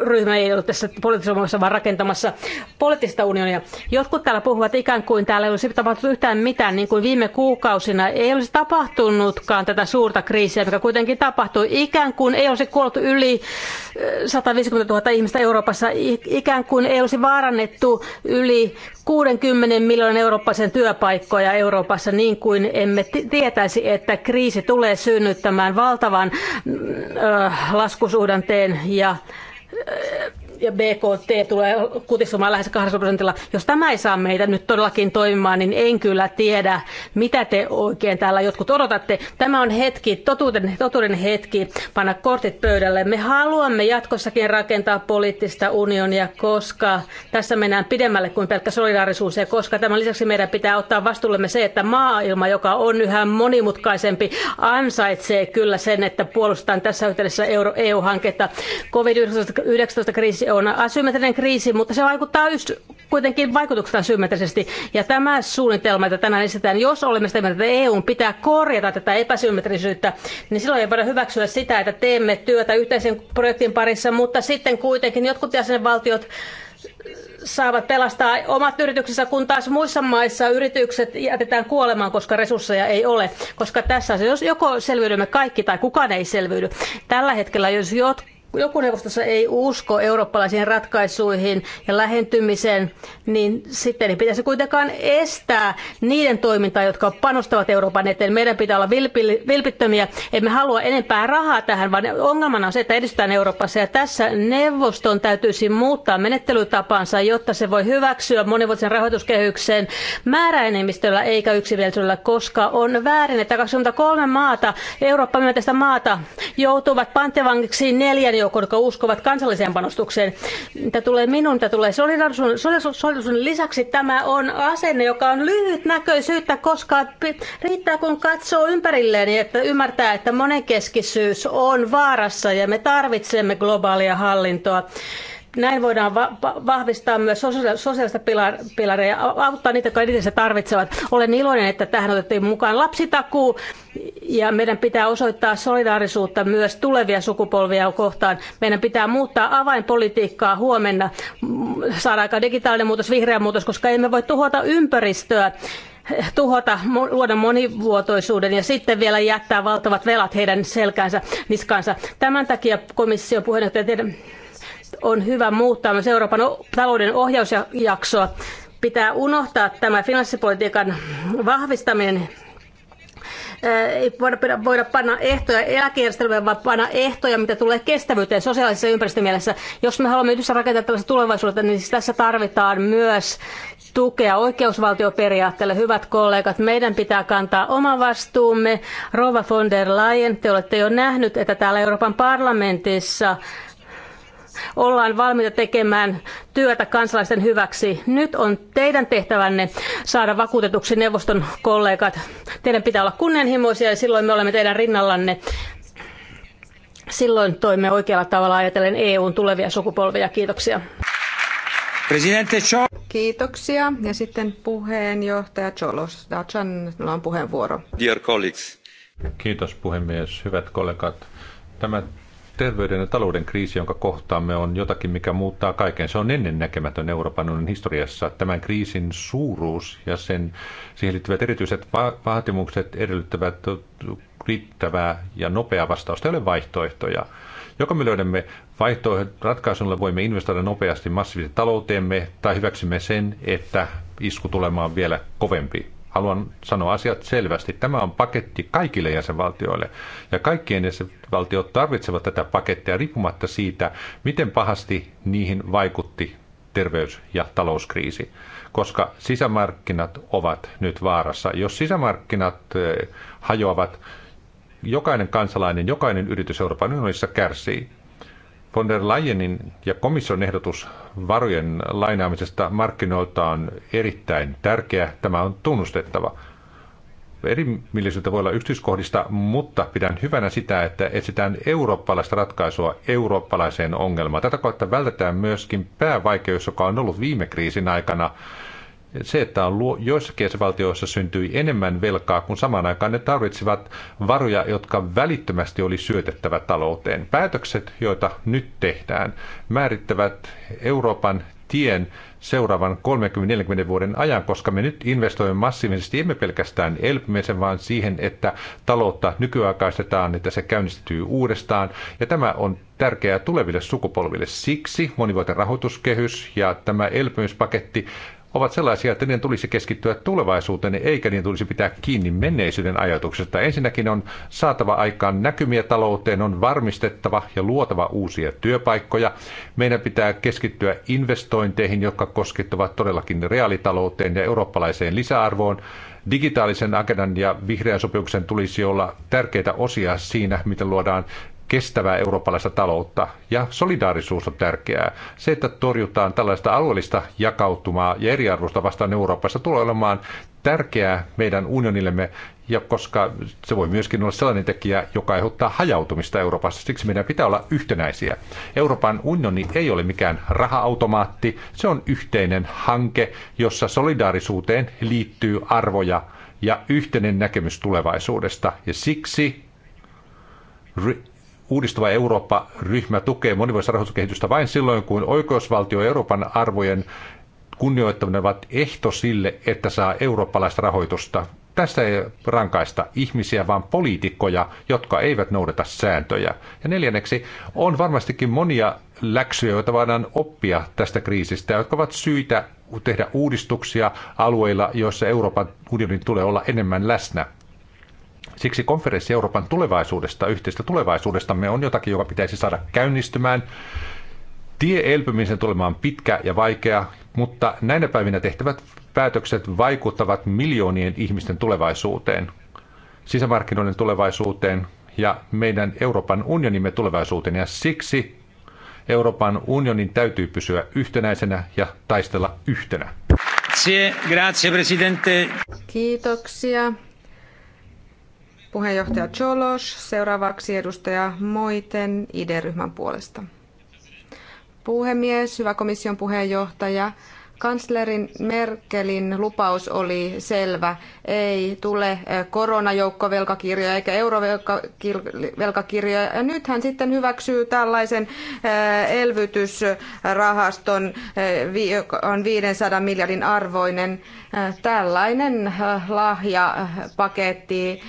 ryhmä ei ole tässä poliittisessa vaan rakentamassa poliittista unionia. Jotkut täällä puhuvat ikään kuin täällä ei olisi tapahtunut yhtään mitään, niin kuin viime kuukausina ei olisi tapahtunutkaan tätä suurta kriisiä, mikä kuitenkin tapahtui. Ikään kuin ei olisi kuollut yli 150 eh, 000 ihmistä Euroopassa, ikään kuin ei olisi vaarannettu yli 60 miljoonan eurooppalaisen työpaikkoja Euroopassa, niin kuin emme tietäisi, että kriisi tulee synnyttämään valtavan ö, mm, eh, laskusuhdanteen ja eh, ja BKT tulee kutistumaan lähes 8 prosentilla. Jos tämä ei saa meitä nyt todellakin toimimaan, niin en kyllä tiedä, mitä te oikein täällä jotkut odotatte. Tämä on hetki, totuuden, totuuden hetki, panna kortit pöydälle. Me haluamme jatkossakin rakentaa poliittista unionia, koska tässä mennään pidemmälle kuin pelkkä solidaarisuus, ja koska tämän lisäksi meidän pitää ottaa vastuullemme se, että maailma, joka on yhä monimutkaisempi, ansaitsee kyllä sen, että puolustetaan tässä yhteydessä EU-hanketta. E COVID-19 kriisi kriisi on asymmetrinen kriisi, mutta se vaikuttaa kuitenkin vaikutuksena symmetrisesti. Ja tämä suunnitelma, että tänään esitetään, jos olemme sitä mieltä, että EU pitää korjata tätä epäsymmetrisyyttä, niin silloin ei voida hyväksyä sitä, että teemme työtä yhteisen projektin parissa, mutta sitten kuitenkin jotkut jäsenvaltiot saavat pelastaa omat yrityksensä, kun taas muissa maissa yritykset jätetään kuolemaan, koska resursseja ei ole. Koska tässä jos joko selviydymme kaikki tai kukaan ei selviydy. Tällä hetkellä, jos jotkut joku neuvostossa ei usko eurooppalaisiin ratkaisuihin ja lähentymiseen, niin sitten ei pitäisi kuitenkaan estää niiden toimintaa, jotka panostavat Euroopan eteen. Meidän pitää olla vilpittömiä. Emme halua enempää rahaa tähän, vaan ongelmana on se, että edistetään Euroopassa. Ja tässä neuvoston täytyisi muuttaa menettelytapansa, jotta se voi hyväksyä monivuotisen rahoituskehykseen määräenemmistöllä eikä yksimielisellä, koska on väärin, että 23 maata, Eurooppa myönteistä maata, joutuvat pantevangiksi neljän, joukko, jotka uskovat kansalliseen panostukseen. Mitä tulee minun, mitä tulee solidarisuuden lisäksi, tämä on asenne, joka on lyhytnäköisyyttä, koska riittää kun katsoo ympärilleen, niin että ymmärtää, että monenkeskisyys on vaarassa ja me tarvitsemme globaalia hallintoa. Näin voidaan va- vahvistaa myös sosiaalista pilareja, pilaria ja auttaa niitä, jotka eniten se tarvitsevat. Olen iloinen, että tähän otettiin mukaan lapsitakuu ja meidän pitää osoittaa solidaarisuutta myös tulevia sukupolvia kohtaan. Meidän pitää muuttaa avainpolitiikkaa huomenna, saada aika digitaalinen muutos, vihreä muutos, koska emme voi tuhota ympäristöä tuhota luoda monivuotoisuuden ja sitten vielä jättää valtavat velat heidän selkäänsä, niskaansa. Tämän takia komission puheenjohtaja teidän on hyvä muuttaa myös Euroopan talouden ohjausjaksoa. Pitää unohtaa tämä finanssipolitiikan vahvistaminen ei voida, voida panna ehtoja eläkejärjestelmään, vaan panna ehtoja, mitä tulee kestävyyteen sosiaalisessa ympäristömielessä. Jos me haluamme yhdessä rakentaa tällaista tulevaisuutta, niin siis tässä tarvitaan myös tukea oikeusvaltioperiaatteelle. Hyvät kollegat, meidän pitää kantaa oma vastuumme. Rova von der Leyen, te olette jo nähnyt, että täällä Euroopan parlamentissa ollaan valmiita tekemään työtä kansalaisten hyväksi. Nyt on teidän tehtävänne saada vakuutetuksi neuvoston kollegat. Teidän pitää olla kunnianhimoisia ja silloin me olemme teidän rinnallanne. Silloin toimme oikealla tavalla ajatellen EUn tulevia sukupolvia. Kiitoksia. Presidente Kiitoksia. Ja sitten puheenjohtaja Cholos. Dacian, on puheenvuoro. Dear colleagues. Kiitos puhemies. Hyvät kollegat. Tämä terveyden ja talouden kriisi, jonka kohtaamme, on jotakin, mikä muuttaa kaiken. Se on ennennäkemätön Euroopan unionin historiassa. Tämän kriisin suuruus ja sen, siihen liittyvät erityiset va- vaatimukset edellyttävät riittävää ja nopeaa vastausta. Ei ole vaihtoehtoja. Joko me löydämme vaihtoehdon ratkaisulla, voimme investoida nopeasti massiivisesti talouteemme, tai hyväksymme sen, että isku tulemaan vielä kovempi haluan sanoa asiat selvästi. Tämä on paketti kaikille jäsenvaltioille. Ja kaikkien jäsenvaltiot tarvitsevat tätä pakettia riippumatta siitä, miten pahasti niihin vaikutti terveys- ja talouskriisi. Koska sisämarkkinat ovat nyt vaarassa. Jos sisämarkkinat e, hajoavat, jokainen kansalainen, jokainen yritys Euroopan unionissa kärsii von der Leyenin ja komission ehdotus varojen lainaamisesta markkinoilta on erittäin tärkeä. Tämä on tunnustettava. Erimielisyyttä voi olla yksityiskohdista, mutta pidän hyvänä sitä, että etsitään eurooppalaista ratkaisua eurooppalaiseen ongelmaan. Tätä kautta vältetään myöskin päävaikeus, joka on ollut viime kriisin aikana – se, että on luo, joissakin valtioissa syntyi enemmän velkaa, kun samaan aikaan ne tarvitsivat varoja, jotka välittömästi oli syötettävä talouteen. Päätökset, joita nyt tehdään, määrittävät Euroopan tien seuraavan 30-40 vuoden ajan, koska me nyt investoimme massiivisesti emme pelkästään elpymisen vaan siihen, että taloutta nykyaikaistetaan, että se käynnistyy uudestaan. Ja tämä on tärkeää tuleville sukupolville. Siksi monivuotinen rahoituskehys ja tämä elpymispaketti ovat sellaisia, että niiden tulisi keskittyä tulevaisuuteen, eikä niiden tulisi pitää kiinni menneisyyden ajatuksesta. Ensinnäkin on saatava aikaan näkymiä talouteen, on varmistettava ja luotava uusia työpaikkoja. Meidän pitää keskittyä investointeihin, jotka koskettavat todellakin reaalitalouteen ja eurooppalaiseen lisäarvoon. Digitaalisen agendan ja vihreän sopimuksen tulisi olla tärkeitä osia siinä, miten luodaan kestävää eurooppalaista taloutta. Ja solidaarisuus on tärkeää. Se, että torjutaan tällaista alueellista jakautumaa ja eriarvoista vastaan Euroopassa, tulee olemaan tärkeää meidän unionillemme, ja koska se voi myöskin olla sellainen tekijä, joka aiheuttaa hajautumista Euroopassa. Siksi meidän pitää olla yhtenäisiä. Euroopan unioni ei ole mikään rahaautomaatti, se on yhteinen hanke, jossa solidaarisuuteen liittyy arvoja ja yhteinen näkemys tulevaisuudesta. Ja siksi Uudistuva Eurooppa-ryhmä tukee monivuotista rahoituskehitystä vain silloin, kun oikeusvaltio ja Euroopan arvojen kunnioittaminen ovat ehto sille, että saa eurooppalaista rahoitusta. Tässä ei rankaista ihmisiä, vaan poliitikkoja, jotka eivät noudata sääntöjä. Ja neljänneksi on varmastikin monia läksyjä, joita voidaan oppia tästä kriisistä, jotka ovat syitä tehdä uudistuksia alueilla, joissa Euroopan unionin tulee olla enemmän läsnä. Siksi konferenssi Euroopan tulevaisuudesta, yhteistä tulevaisuudestamme on jotakin, joka pitäisi saada käynnistymään. Tie elpymisen tulemaan pitkä ja vaikea, mutta näinä päivinä tehtävät päätökset vaikuttavat miljoonien ihmisten tulevaisuuteen, sisämarkkinoiden tulevaisuuteen ja meidän Euroopan unionimme tulevaisuuteen. Ja siksi Euroopan unionin täytyy pysyä yhtenäisenä ja taistella yhtenä. Grazie, grazie presidente. Kiitoksia puheenjohtaja Cholos, seuraavaksi edustaja Moiten ID-ryhmän puolesta. Puhemies, hyvä komission puheenjohtaja, Kanslerin Merkelin lupaus oli selvä. Ei tule eh, koronajoukkovelkakirjoja eikä eurovelkakirjoja. Ja nyt hän sitten hyväksyy tällaisen eh, elvytysrahaston, eh, joka on 500 miljardin arvoinen. Tällainen lahjapaketti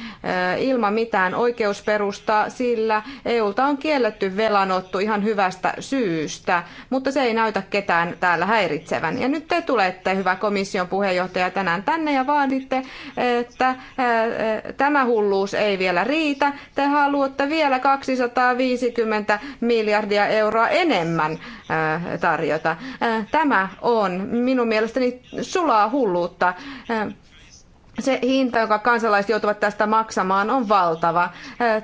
ilman mitään oikeusperustaa, sillä EUlta on kielletty velanotto ihan hyvästä syystä, mutta se ei näytä ketään täällä häiritsevän. Ja nyt te tulette, hyvä komission puheenjohtaja, tänään tänne ja vaaditte, että tämä hulluus ei vielä riitä. Te haluatte vielä 250 miljardia euroa enemmän tarjota. Tämä on minun mielestäni sulaa hulluutta se hinta, joka kansalaiset joutuvat tästä maksamaan, on valtava.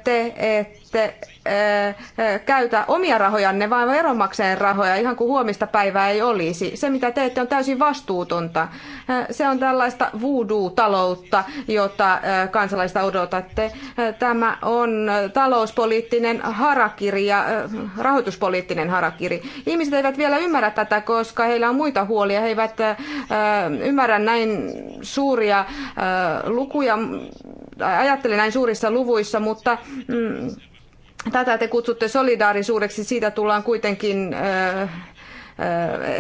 Te ette Eh, käytä omia rahojanne, vaan veronmaksajien rahoja, ihan kuin huomista päivää ei olisi. Se, mitä teette, on täysin vastuutonta. Eh, se on tällaista voodoo-taloutta, jota eh, kansalaista odotatte. Tämä on talouspoliittinen harakiri ja rahoituspoliittinen harakiri. Ihmiset eivät vielä ymmärrä tätä, koska heillä on muita huolia. He eivät ymmärrä näin suuria lukuja, ajattele näin suurissa luvuissa, mutta... Mm, Tätä te kutsutte solidaarisuudeksi, siitä tullaan kuitenkin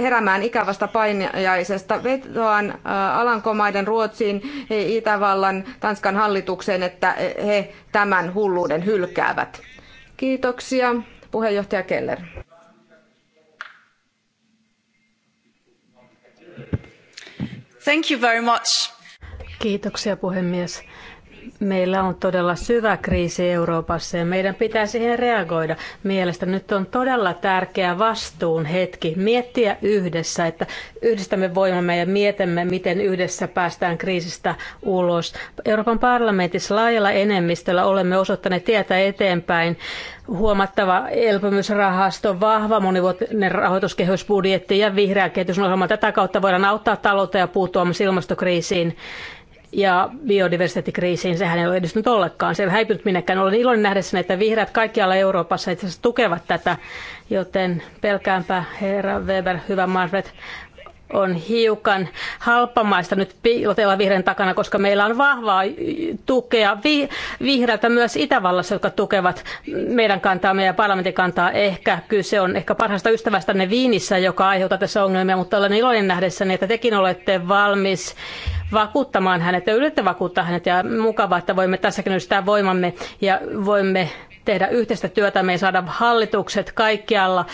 heräämään ikävästä painajaisesta. Vetoan Alankomaiden, ruotsiin Itävallan, Tanskan hallitukseen, että he tämän hulluuden hylkäävät. Kiitoksia. Puheenjohtaja Keller. Thank you very much. Kiitoksia puhemies. Meillä on todella syvä kriisi Euroopassa ja meidän pitää siihen reagoida. Mielestäni nyt on todella tärkeä vastuun hetki miettiä yhdessä, että yhdistämme voimamme ja mietimme, miten yhdessä päästään kriisistä ulos. Euroopan parlamentissa laajalla enemmistöllä olemme osoittaneet tietä eteenpäin huomattava elpymysrahasto, vahva monivuotinen rahoituskehysbudjetti ja vihreä kehitysohjelma. Tätä kautta voidaan auttaa taloutta ja puuttua myös ilmastokriisiin ja biodiversiteettikriisiin. Sehän ei ole edistynyt ollenkaan. Se ei häipynyt minnekään. Olen iloinen nähdessä, että vihreät kaikkialla Euroopassa itse asiassa tukevat tätä, joten pelkäänpä herra Weber, hyvä Marvet, on hiukan halpamaista nyt piilotella vihreän takana, koska meillä on vahvaa tukea vi- vihreältä myös Itävallassa, jotka tukevat meidän kantaa meidän parlamentin kantaa. Ehkä kyse on ehkä parhaasta ystävästänne Viinissä, joka aiheuttaa tässä ongelmia, mutta olen iloinen nähdessäni, että tekin olette valmis vakuuttamaan hänet ja yritätte vakuuttaa hänet ja mukavaa, että voimme tässäkin yhdistää voimamme ja voimme tehdä yhteistä työtä, me ei saada hallitukset kaikkialla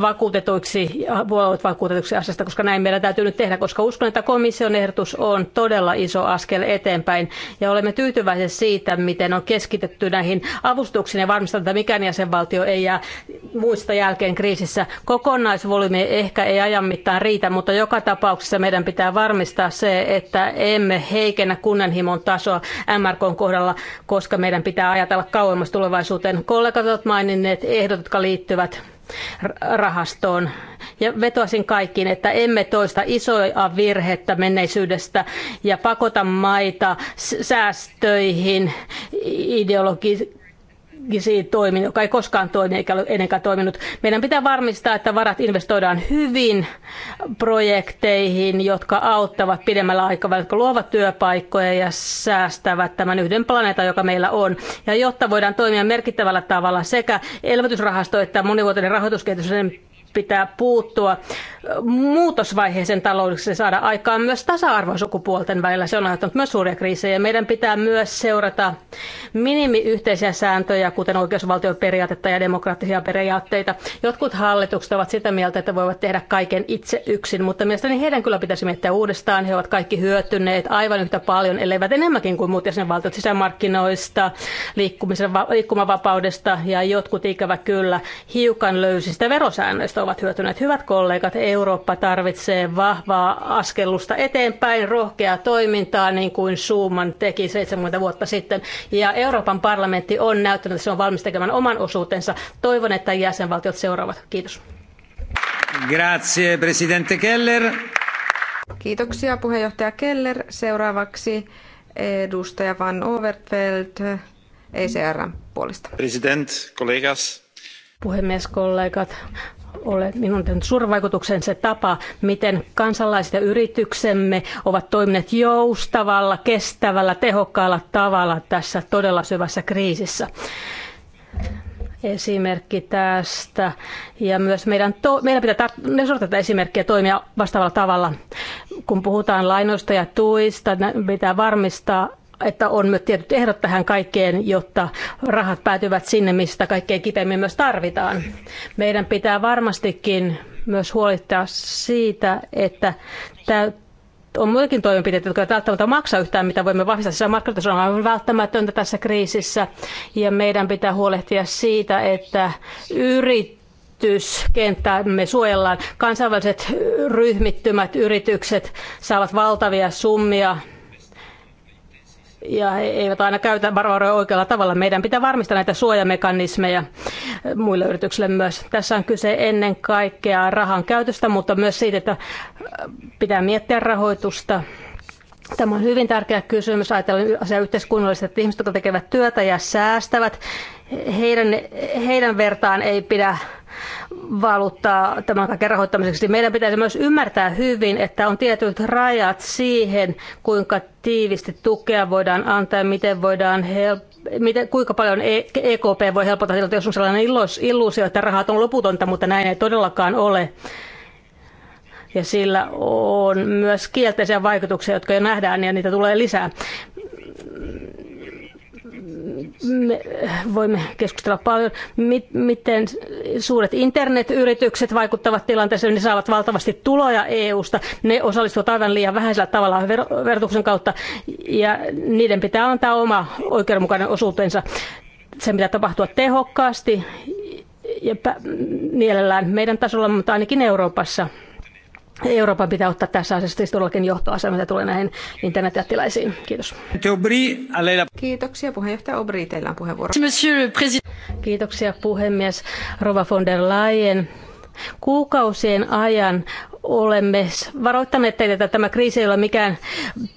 vakuutetuiksi, puolueet vakuutetuiksi asiasta, koska näin meidän täytyy nyt tehdä, koska uskon, että komission ehdotus on todella iso askel eteenpäin ja olemme tyytyväisiä siitä, miten on keskitetty näihin avustuksiin ja varmistetaan, että mikään jäsenvaltio ei jää muista jälkeen kriisissä. Kokonaisvolyymi ehkä ei ajan mittaan riitä, mutta joka tapauksessa meidän pitää varmistaa se, että emme heikennä kunnianhimon tasoa MRKn kohdalla, koska meidän pitää ajatella kauemmas tulevaisuuteen kuten kollegat ovat maininneet, ehdot, jotka liittyvät rahastoon. Ja vetoisin kaikkiin, että emme toista isoja virhettä menneisyydestä ja pakota maita säästöihin ideologisesti toimin, joka ei koskaan toimi eikä ole ennenkään toiminut. Meidän pitää varmistaa, että varat investoidaan hyvin projekteihin, jotka auttavat pidemmällä aikavälillä, jotka luovat työpaikkoja ja säästävät tämän yhden planeetan, joka meillä on. Ja jotta voidaan toimia merkittävällä tavalla sekä elvytysrahasto että monivuotinen rahoituskehitys, niin pitää puuttua muutosvaiheeseen taloudessa ja saada aikaan myös tasa-arvoa sukupuolten välillä. Se on aiheuttanut myös suuria kriisejä. Meidän pitää myös seurata minimiyhteisiä sääntöjä, kuten oikeusvaltioperiaatetta ja demokraattisia periaatteita. Jotkut hallitukset ovat sitä mieltä, että voivat tehdä kaiken itse yksin, mutta mielestäni heidän kyllä pitäisi miettiä uudestaan. He ovat kaikki hyötyneet aivan yhtä paljon, elleivät enemmänkin kuin muut jäsenvaltiot sisämarkkinoista, liikkumavapaudesta ja jotkut ikävä kyllä hiukan löysistä verosäännöistä ovat hyötyneet. Hyvät kollegat, Eurooppa tarvitsee vahvaa askellusta eteenpäin, rohkeaa toimintaa, niin kuin Suuman teki 70 vuotta sitten. Ja Euroopan parlamentti on näyttänyt, että se on valmis tekemään oman osuutensa. Toivon, että jäsenvaltiot seuraavat. Kiitos. Grazie, presidente Keller. Kiitoksia, puheenjohtaja Keller. Seuraavaksi edustaja Van Overfeld ECR puolesta. President, kollegas. Puhemies, kollegat ole minun tehnyt suuren vaikutuksen se tapa, miten kansalaiset ja yrityksemme ovat toimineet joustavalla, kestävällä, tehokkaalla tavalla tässä todella syvässä kriisissä esimerkki tästä. Ja myös meidän, to, meidän pitää tar- tätä esimerkkiä toimia vastaavalla tavalla. Kun puhutaan lainoista ja tuista, pitää varmistaa, että on myös tietyt ehdot tähän kaikkeen, jotta rahat päätyvät sinne, mistä kaikkein kipeimmin myös tarvitaan. Meidän pitää varmastikin myös huolittaa siitä, että on muitakin toimenpiteitä, jotka eivät välttämättä maksa yhtään, mitä voimme vahvistaa sisämarkkinoita. Se on aivan välttämätöntä tässä kriisissä ja meidän pitää huolehtia siitä, että yrittäjät yrityskenttäämme suojellaan. Kansainväliset ryhmittymät, yritykset saavat valtavia summia ja he eivät aina käytä varoja oikealla tavalla. Meidän pitää varmistaa näitä suojamekanismeja muille yrityksille myös. Tässä on kyse ennen kaikkea rahan käytöstä, mutta myös siitä, että pitää miettiä rahoitusta. Tämä on hyvin tärkeä kysymys. Ajatellaan asia yhteiskunnallisesti, että ihmiset, jotka tekevät työtä ja säästävät, heidän, heidän vertaan ei pidä valuttaa tämän kaiken rahoittamiseksi. Meidän pitäisi myös ymmärtää hyvin, että on tietyt rajat siihen, kuinka tiivisti tukea voidaan antaa ja miten voidaan helpottaa miten, kuinka paljon EKP e voi helpottaa tilanteen, jos on sellainen illuusio, että rahat on loputonta, mutta näin ei todellakaan ole. Ja sillä on myös kielteisiä vaikutuksia, jotka jo nähdään, ja niitä tulee lisää me voimme keskustella paljon, miten suuret internetyritykset vaikuttavat tilanteeseen. Ne saavat valtavasti tuloja EU-sta. Ne osallistuvat aivan liian vähäisellä tavalla verotuksen kautta ja niiden pitää antaa oma oikeudenmukainen osuutensa. Se pitää tapahtua tehokkaasti ja mielellään meidän tasolla, mutta ainakin Euroopassa Euroopan pitää ottaa tässä asiassa siis todellakin johtoasema, mitä tulee näihin internetjättiläisiin. Kiitos. Kiitoksia puheenjohtaja Obri, teillä on puheenvuoro. Kiitoksia puhemies Rova von der Leyen. Kuukausien ajan olemme varoittaneet teitä, että tämä kriisi ei ole mikään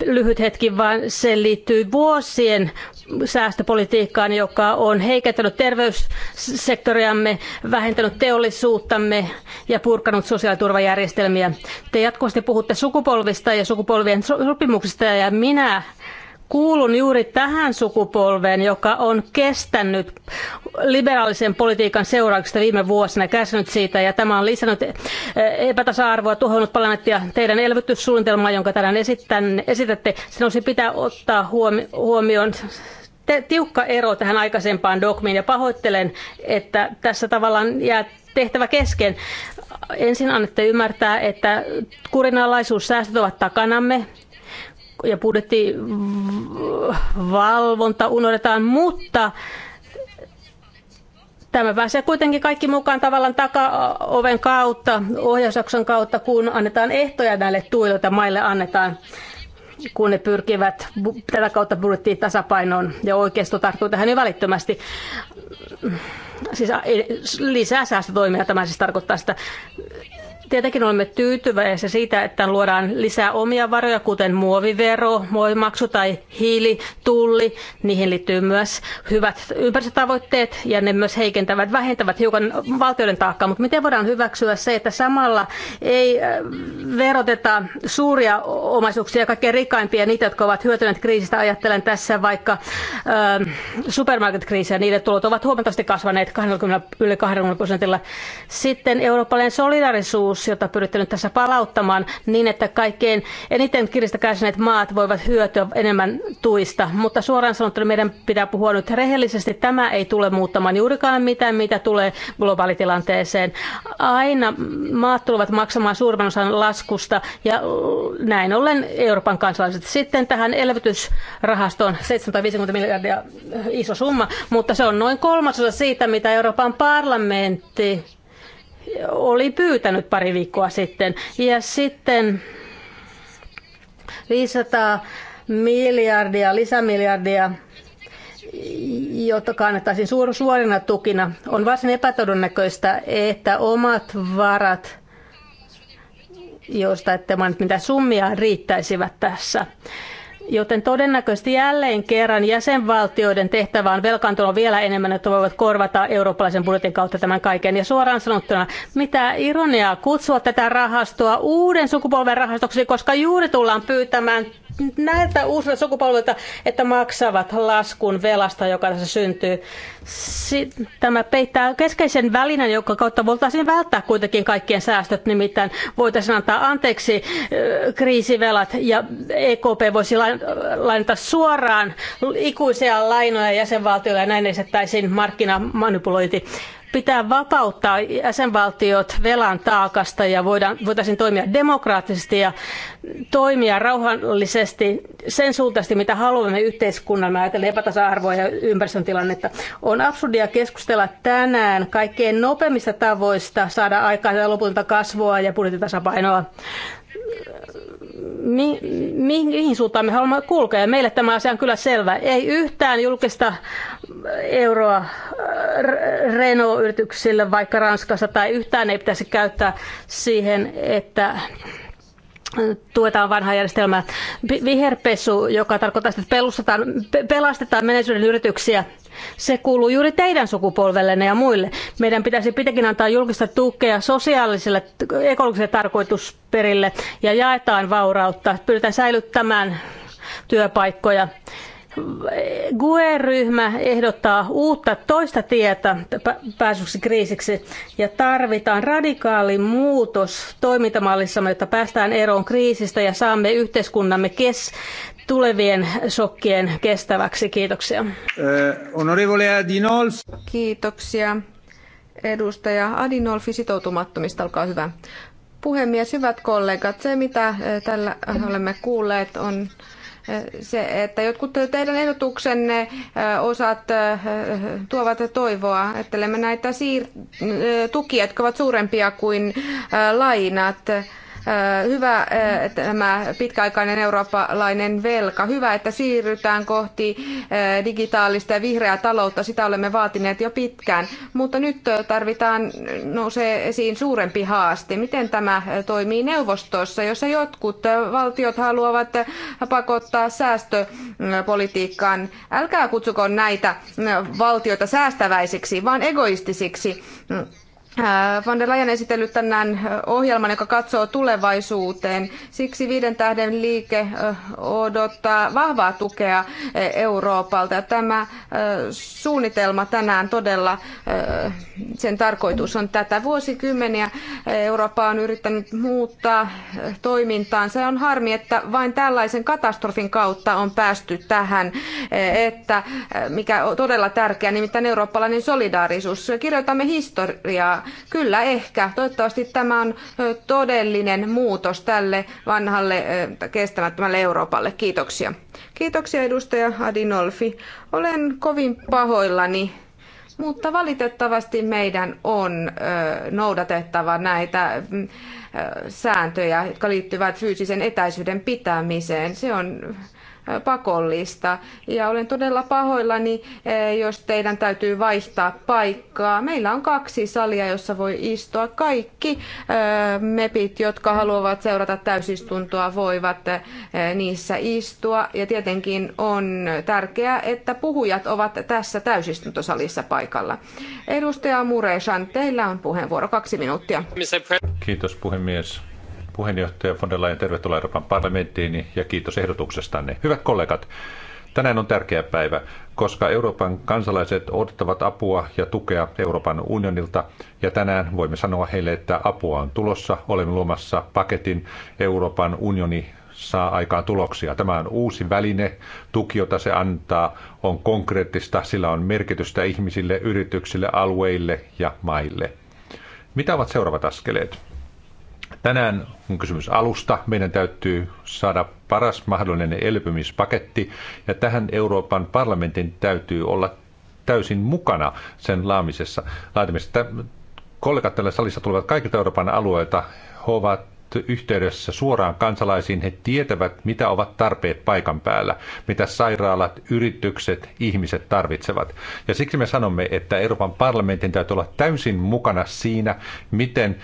lyhyt hetki, vaan se liittyy vuosien säästöpolitiikkaan, joka on heikentänyt terveyssektoriamme, vähentänyt teollisuuttamme ja purkanut sosiaaliturvajärjestelmiä. Te jatkuvasti puhutte sukupolvista ja sukupolvien sopimuksista ja minä kuulun juuri tähän sukupolveen, joka on kestänyt liberaalisen politiikan seurauksista viime vuosina, kärsinyt siitä, ja tämä on lisännyt eh, epätasa-arvoa, tuhonnut planeettia. Teidän elvytyssuunnitelmaa, jonka tänään esitätte, sen olisi pitää ottaa huomioon tiukka ero tähän aikaisempaan dogmiin, ja pahoittelen, että tässä tavallaan jää tehtävä kesken. Ensin annette ymmärtää, että säästöt ovat takanamme, ja budjettivalvonta mm, unohdetaan, mutta Tämä pääsee kuitenkin kaikki mukaan tavallaan takaoven kautta, ohjausjakson kautta, kun annetaan ehtoja näille tuille, joita maille annetaan, kun ne pyrkivät tätä kautta budjettiin tasapainoon ja oikeisto tarttuu tähän niin välittömästi. Siis lisää säästötoimia tämä siis tarkoittaa sitä. Tietenkin olemme tyytyväisiä siitä, että luodaan lisää omia varoja, kuten muovivero, muovimaksu tai hiilitulli. Niihin liittyy myös hyvät ympäristötavoitteet ja ne myös heikentävät, vähentävät hiukan valtioiden taakkaa. Mutta miten voidaan hyväksyä se, että samalla ei äh, veroteta suuria omaisuuksia, kaikkein rikkaimpia, niitä, jotka ovat hyötyneet kriisistä. Ajattelen tässä vaikka äh, supermarketkriisiä. Niiden tulot ovat huomattavasti kasvaneet 20, yli 20 prosentilla. Sitten eurooppalainen solidaarisuus vakaus, jota pyritte nyt tässä palauttamaan niin, että kaikkein eniten kiristä kärsineet maat voivat hyötyä enemmän tuista. Mutta suoraan sanottuna meidän pitää puhua nyt rehellisesti. Tämä ei tule muuttamaan juurikaan mitään, mitä tulee globaalitilanteeseen. Aina maat tulevat maksamaan suurimman osan laskusta ja näin ollen Euroopan kansalaiset. Sitten tähän elvytysrahastoon 750 miljardia iso summa, mutta se on noin kolmasosa siitä, mitä Euroopan parlamentti oli pyytänyt pari viikkoa sitten. Ja sitten 500 miljardia, lisämiljardia, jotta kannettaisiin suor- suorina tukina. On varsin epätodennäköistä, että omat varat, joista ette mainit mitä summia, riittäisivät tässä. Joten todennäköisesti jälleen kerran jäsenvaltioiden tehtävä on velkaantua vielä enemmän, että voivat korvata eurooppalaisen budjetin kautta tämän kaiken. Ja suoraan sanottuna, mitä ironiaa kutsua tätä rahastoa uuden sukupolven rahastoksi, koska juuri tullaan pyytämään näiltä uusilta sukupolvilta, että maksavat laskun velasta, joka tässä syntyy. Tämä peittää keskeisen välinen, jonka kautta voitaisiin välttää kuitenkin kaikkien säästöt, nimittäin voitaisiin antaa anteeksi kriisivelat ja EKP voisi lainata suoraan ikuisia lainoja jäsenvaltioille ja näin esittäisiin markkinamanipulointi pitää vapauttaa jäsenvaltiot velan taakasta ja voidaan, voitaisiin toimia demokraattisesti ja toimia rauhallisesti sen suuntaisesti, mitä haluamme yhteiskunnan ajattelen epätasa-arvoa ja ympäristön tilannetta. On absurdia keskustella tänään kaikkein nopeimmista tavoista saada aikaan lopulta kasvua ja budjettitasapainoa mi, mihin suuntaan me haluamme kulkea. meille tämä asia on kyllä selvä. Ei yhtään julkista euroa äh, Renault-yrityksille, vaikka Ranskassa, tai yhtään ei pitäisi käyttää siihen, että tuetaan vanhaa järjestelmää. Viherpesu, joka tarkoittaa, että pelustetaan, pelastetaan menneisyyden yrityksiä, se kuuluu juuri teidän sukupolvellenne ja muille. Meidän pitäisi pitäkin antaa julkista tukea sosiaalisille, ekologisille tarkoitusperille ja jaetaan vaurautta. Pyritään säilyttämään työpaikkoja GUE-ryhmä ehdottaa uutta toista tietä pääsyksi kriisiksi ja tarvitaan radikaali muutos toimintamallissamme, jotta päästään eroon kriisistä ja saamme yhteiskunnamme kes tulevien sokkien kestäväksi. Kiitoksia. Eh, Adinolf. Kiitoksia. Edustaja Adinolfi sitoutumattomista, olkaa hyvä. Puhemies, hyvät kollegat, se mitä eh, tällä eh, olemme kuulleet on se, että jotkut teidän ehdotuksenne osat tuovat toivoa. Ajattelemme näitä siir- tukia, jotka ovat suurempia kuin lainat. Hyvä tämä pitkäaikainen eurooppalainen velka. Hyvä, että siirrytään kohti digitaalista ja vihreää taloutta. Sitä olemme vaatineet jo pitkään. Mutta nyt tarvitaan nousee esiin suurempi haaste. Miten tämä toimii neuvostossa, jossa jotkut valtiot haluavat pakottaa säästöpolitiikkaan? Älkää kutsuko näitä valtioita säästäväisiksi, vaan egoistisiksi Äh, Van der Leyen esitellyt tänään äh, ohjelman, joka katsoo tulevaisuuteen. Siksi viiden tähden liike äh, odottaa vahvaa tukea Euroopalta. Ja tämä suunnitelma tänään todella, sen tarkoitus on tätä. Vuosikymmeniä Eurooppa on yrittänyt muuttaa toimintaansa. On harmi, että vain tällaisen katastrofin kautta on päästy tähän, että mikä on todella tärkeää, nimittäin eurooppalainen solidaarisuus. Kirjoitamme historiaa Kyllä ehkä. Toivottavasti tämä on todellinen muutos tälle vanhalle kestämättömälle Euroopalle. Kiitoksia. Kiitoksia edustaja Adinolfi. Olen kovin pahoillani mutta valitettavasti meidän on noudatettava näitä mm, sääntöjä, jotka liittyvät fyysisen etäisyyden pitämiseen. Se on pakollista. Ja olen todella pahoillani, eh, jos teidän täytyy vaihtaa paikkaa. Meillä on kaksi salia, jossa voi istua. Kaikki eh, mepit, jotka haluavat seurata täysistuntoa, voivat eh, niissä istua. Ja tietenkin on tärkeää, että puhujat ovat tässä täysistuntosalissa paikalla. Edustaja Mureshan, teillä on puheenvuoro. Kaksi minuuttia. Kiitos puhemies puheenjohtaja von der Leyen, tervetuloa Euroopan parlamenttiin ja kiitos ehdotuksestanne. Hyvät kollegat, tänään on tärkeä päivä, koska Euroopan kansalaiset odottavat apua ja tukea Euroopan unionilta ja tänään voimme sanoa heille, että apua on tulossa. Olemme luomassa paketin Euroopan unioni saa aikaan tuloksia. Tämä on uusi väline, tuki, jota se antaa, on konkreettista, sillä on merkitystä ihmisille, yrityksille, alueille ja maille. Mitä ovat seuraavat askeleet? Tänään on kysymys alusta. Meidän täytyy saada paras mahdollinen elpymispaketti ja tähän Euroopan parlamentin täytyy olla täysin mukana sen laamisessa, laatimisessa. Kollegat tällä salissa tulevat kaikilta Euroopan alueilta. He ovat yhteydessä suoraan kansalaisiin. He tietävät, mitä ovat tarpeet paikan päällä, mitä sairaalat, yritykset, ihmiset tarvitsevat. Ja siksi me sanomme, että Euroopan parlamentin täytyy olla täysin mukana siinä, miten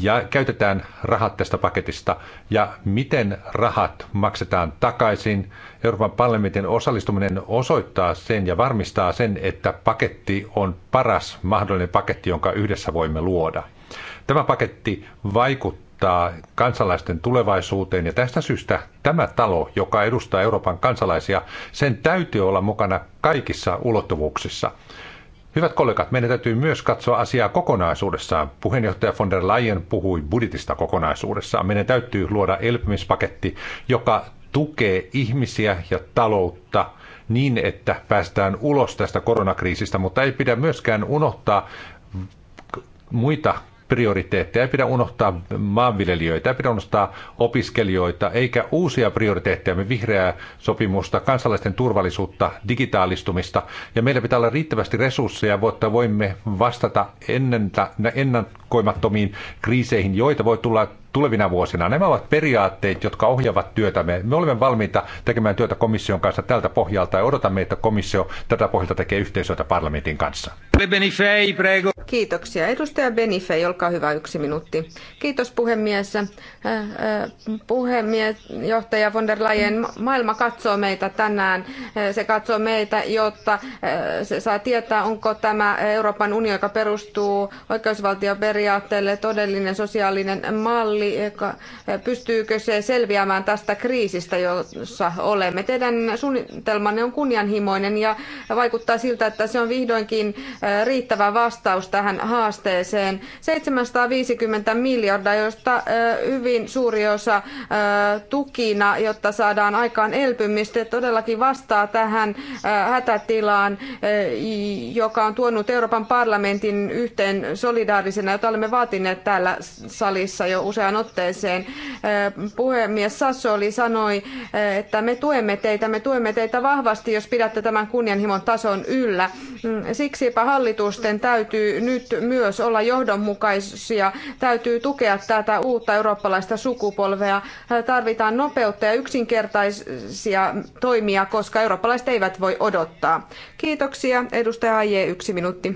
ja käytetään rahat tästä paketista ja miten rahat maksetaan takaisin. Euroopan parlamentin osallistuminen osoittaa sen ja varmistaa sen, että paketti on paras mahdollinen paketti, jonka yhdessä voimme luoda. Tämä paketti vaikuttaa kansalaisten tulevaisuuteen ja tästä syystä tämä talo, joka edustaa Euroopan kansalaisia, sen täytyy olla mukana kaikissa ulottuvuuksissa. Hyvät kollegat, meidän täytyy myös katsoa asiaa kokonaisuudessaan. Puheenjohtaja von der Leyen puhui budjetista kokonaisuudessaan. Meidän täytyy luoda elpymispaketti, joka tukee ihmisiä ja taloutta niin, että päästään ulos tästä koronakriisistä, mutta ei pidä myöskään unohtaa muita prioriteetteja. Ei pidä unohtaa maanviljelijöitä, ei pidä unohtaa opiskelijoita, eikä uusia prioriteetteja me vihreää sopimusta, kansalaisten turvallisuutta, digitaalistumista. Ja meillä pitää olla riittävästi resursseja, jotta voimme vastata ennen ennakoimattomiin kriiseihin, joita voi tulla tulevina vuosina. Nämä ovat periaatteet, jotka ohjaavat työtämme. Me olemme valmiita tekemään työtä komission kanssa tältä pohjalta ja odotamme, että komissio tätä pohjalta tekee yhteistyötä parlamentin kanssa. Benifei, prego. Kiitoksia. Edustaja Benifei, olkaa hyvä yksi minuutti. Kiitos puhemies. Äh, äh, puhemies, johtaja von der Leyen, maailma katsoo meitä tänään. Äh, se katsoo meitä, jotta se saa tietää, onko tämä Euroopan unioni, joka perustuu oikeusvaltioperiaatteelle, todellinen sosiaalinen malli pystyykö se selviämään tästä kriisistä, jossa olemme. Teidän suunnitelmanne on kunnianhimoinen ja vaikuttaa siltä, että se on vihdoinkin riittävä vastaus tähän haasteeseen. 750 miljardia, josta hyvin suuri osa tukina, jotta saadaan aikaan elpymistä, todellakin vastaa tähän hätätilaan, joka on tuonut Euroopan parlamentin yhteen solidaarisena, jota olemme vaatineet täällä salissa jo usein useaan otteeseen. Puhemies Sassoli sanoi, että me tuemme teitä, me tuemme teitä vahvasti, jos pidätte tämän kunnianhimon tason yllä. Mm, siksipä hallitusten täytyy nyt myös olla johdonmukaisia, täytyy tukea tätä uutta eurooppalaista sukupolvea. Tarvitaan nopeutta ja yksinkertaisia toimia, koska eurooppalaiset eivät voi odottaa. Kiitoksia. Edustaja Aie, yksi minuutti.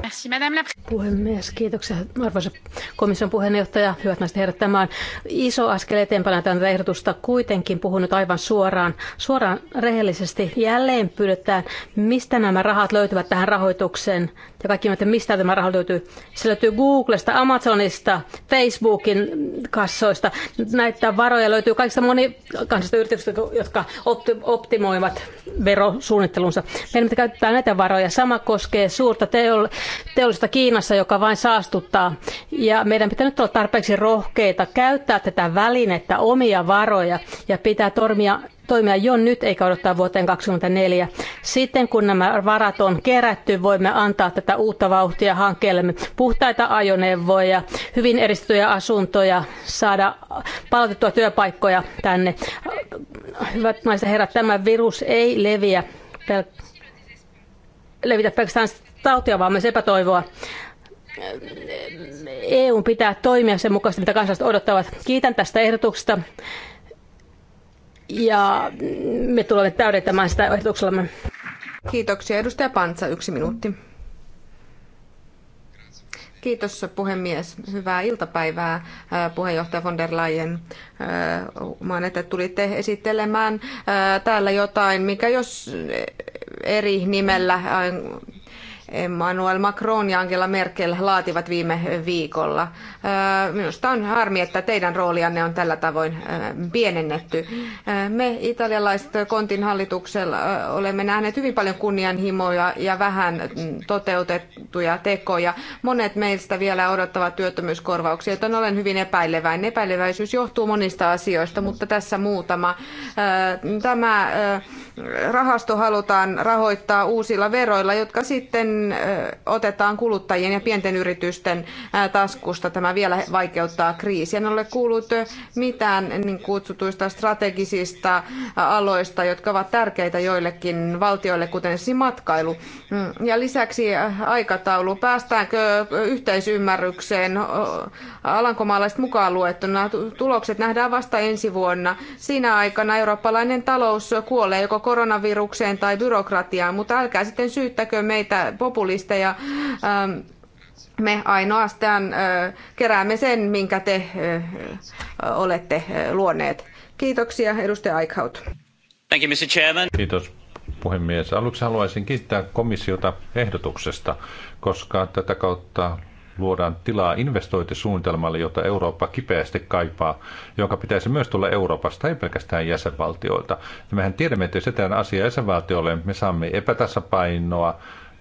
Puhemies, kiitoksia arvoisa komission puheenjohtaja. Hyvät naiset herrat, tämä on iso askel eteenpäin tätä ehdotusta kuitenkin puhunut aivan suoraan, suoraan rehellisesti. Jälleen pyydetään, mistä nämä rahat löytyvät tähän rahoitukseen. Ja kaikki että mistä tämä raha löytyy. Se löytyy Googlesta, Amazonista, Facebookin kassoista. Näitä varoja löytyy kaikista kansallista yrityksistä, jotka optimoivat verosuunnittelunsa. Meidän pitää käyttää näitä varoja. Sama koskee suurta teollista Kiinassa, joka vain saastuttaa. Ja meidän pitää nyt olla tarpeeksi rohkeita käy käyttää tätä välinettä omia varoja ja pitää tormia, toimia jo nyt eikä odottaa vuoteen 2024. Sitten kun nämä varat on kerätty, voimme antaa tätä uutta vauhtia hankkeellemme. Puhtaita ajoneuvoja, hyvin eristettyjä asuntoja, saada palautettua työpaikkoja tänne. Hyvät naiset ja herrat, tämä virus ei leviä pel- levitä pelkästään tautia, vaan myös epätoivoa. EUn pitää toimia sen mukaisesti, mitä kansalaiset odottavat. Kiitän tästä ehdotuksesta ja me tulemme täydentämään sitä ehdotuksellamme. Kiitoksia. Edustaja Pantsa, yksi minuutti. Kiitos puhemies. Hyvää iltapäivää äh, puheenjohtaja von der Leyen. Äh, huomaan, että tulitte esittelemään äh, täällä jotain, mikä jos eri nimellä Emmanuel Macron ja Angela Merkel laativat viime viikolla. Minusta on harmi, että teidän roolianne on tällä tavoin pienennetty. Me italialaiset kontin hallituksella olemme nähneet hyvin paljon kunnianhimoja ja vähän toteutettuja tekoja. Monet meistä vielä odottavat työttömyyskorvauksia, joten olen hyvin epäileväinen. Epäileväisyys johtuu monista asioista, mutta tässä muutama. Tämä rahasto halutaan rahoittaa uusilla veroilla, jotka sitten otetaan kuluttajien ja pienten yritysten taskusta. Tämä vielä vaikeuttaa kriisiä. En ole kuullut mitään niin kutsutuista strategisista aloista, jotka ovat tärkeitä joillekin valtioille, kuten esimerkiksi matkailu. Mm, ja lisäksi aikataulu. Päästäänkö yhteisymmärrykseen alankomaalaiset mukaan luettuna? Tulokset nähdään vasta ensi vuonna. Siinä aikana eurooppalainen talous kuolee joko koronavirukseen tai byrokratiaan, mutta älkää sitten syyttäkö meitä populisteja. Ähm, me ainoastaan äh, keräämme sen, minkä te äh, äh, olette luoneet. Kiitoksia, edustaja Eichhout. Thank you, Mr. Chairman. Kiitos, puhemies. Aluksi haluaisin kiittää komissiota ehdotuksesta, koska tätä kautta luodaan tilaa investointisuunnitelmalle, jota Eurooppa kipeästi kaipaa, joka pitäisi myös tulla Euroopasta, ei pelkästään jäsenvaltioilta. Ja mehän tiedämme, että jos etään asia jäsenvaltioille, me saamme epätasapainoa,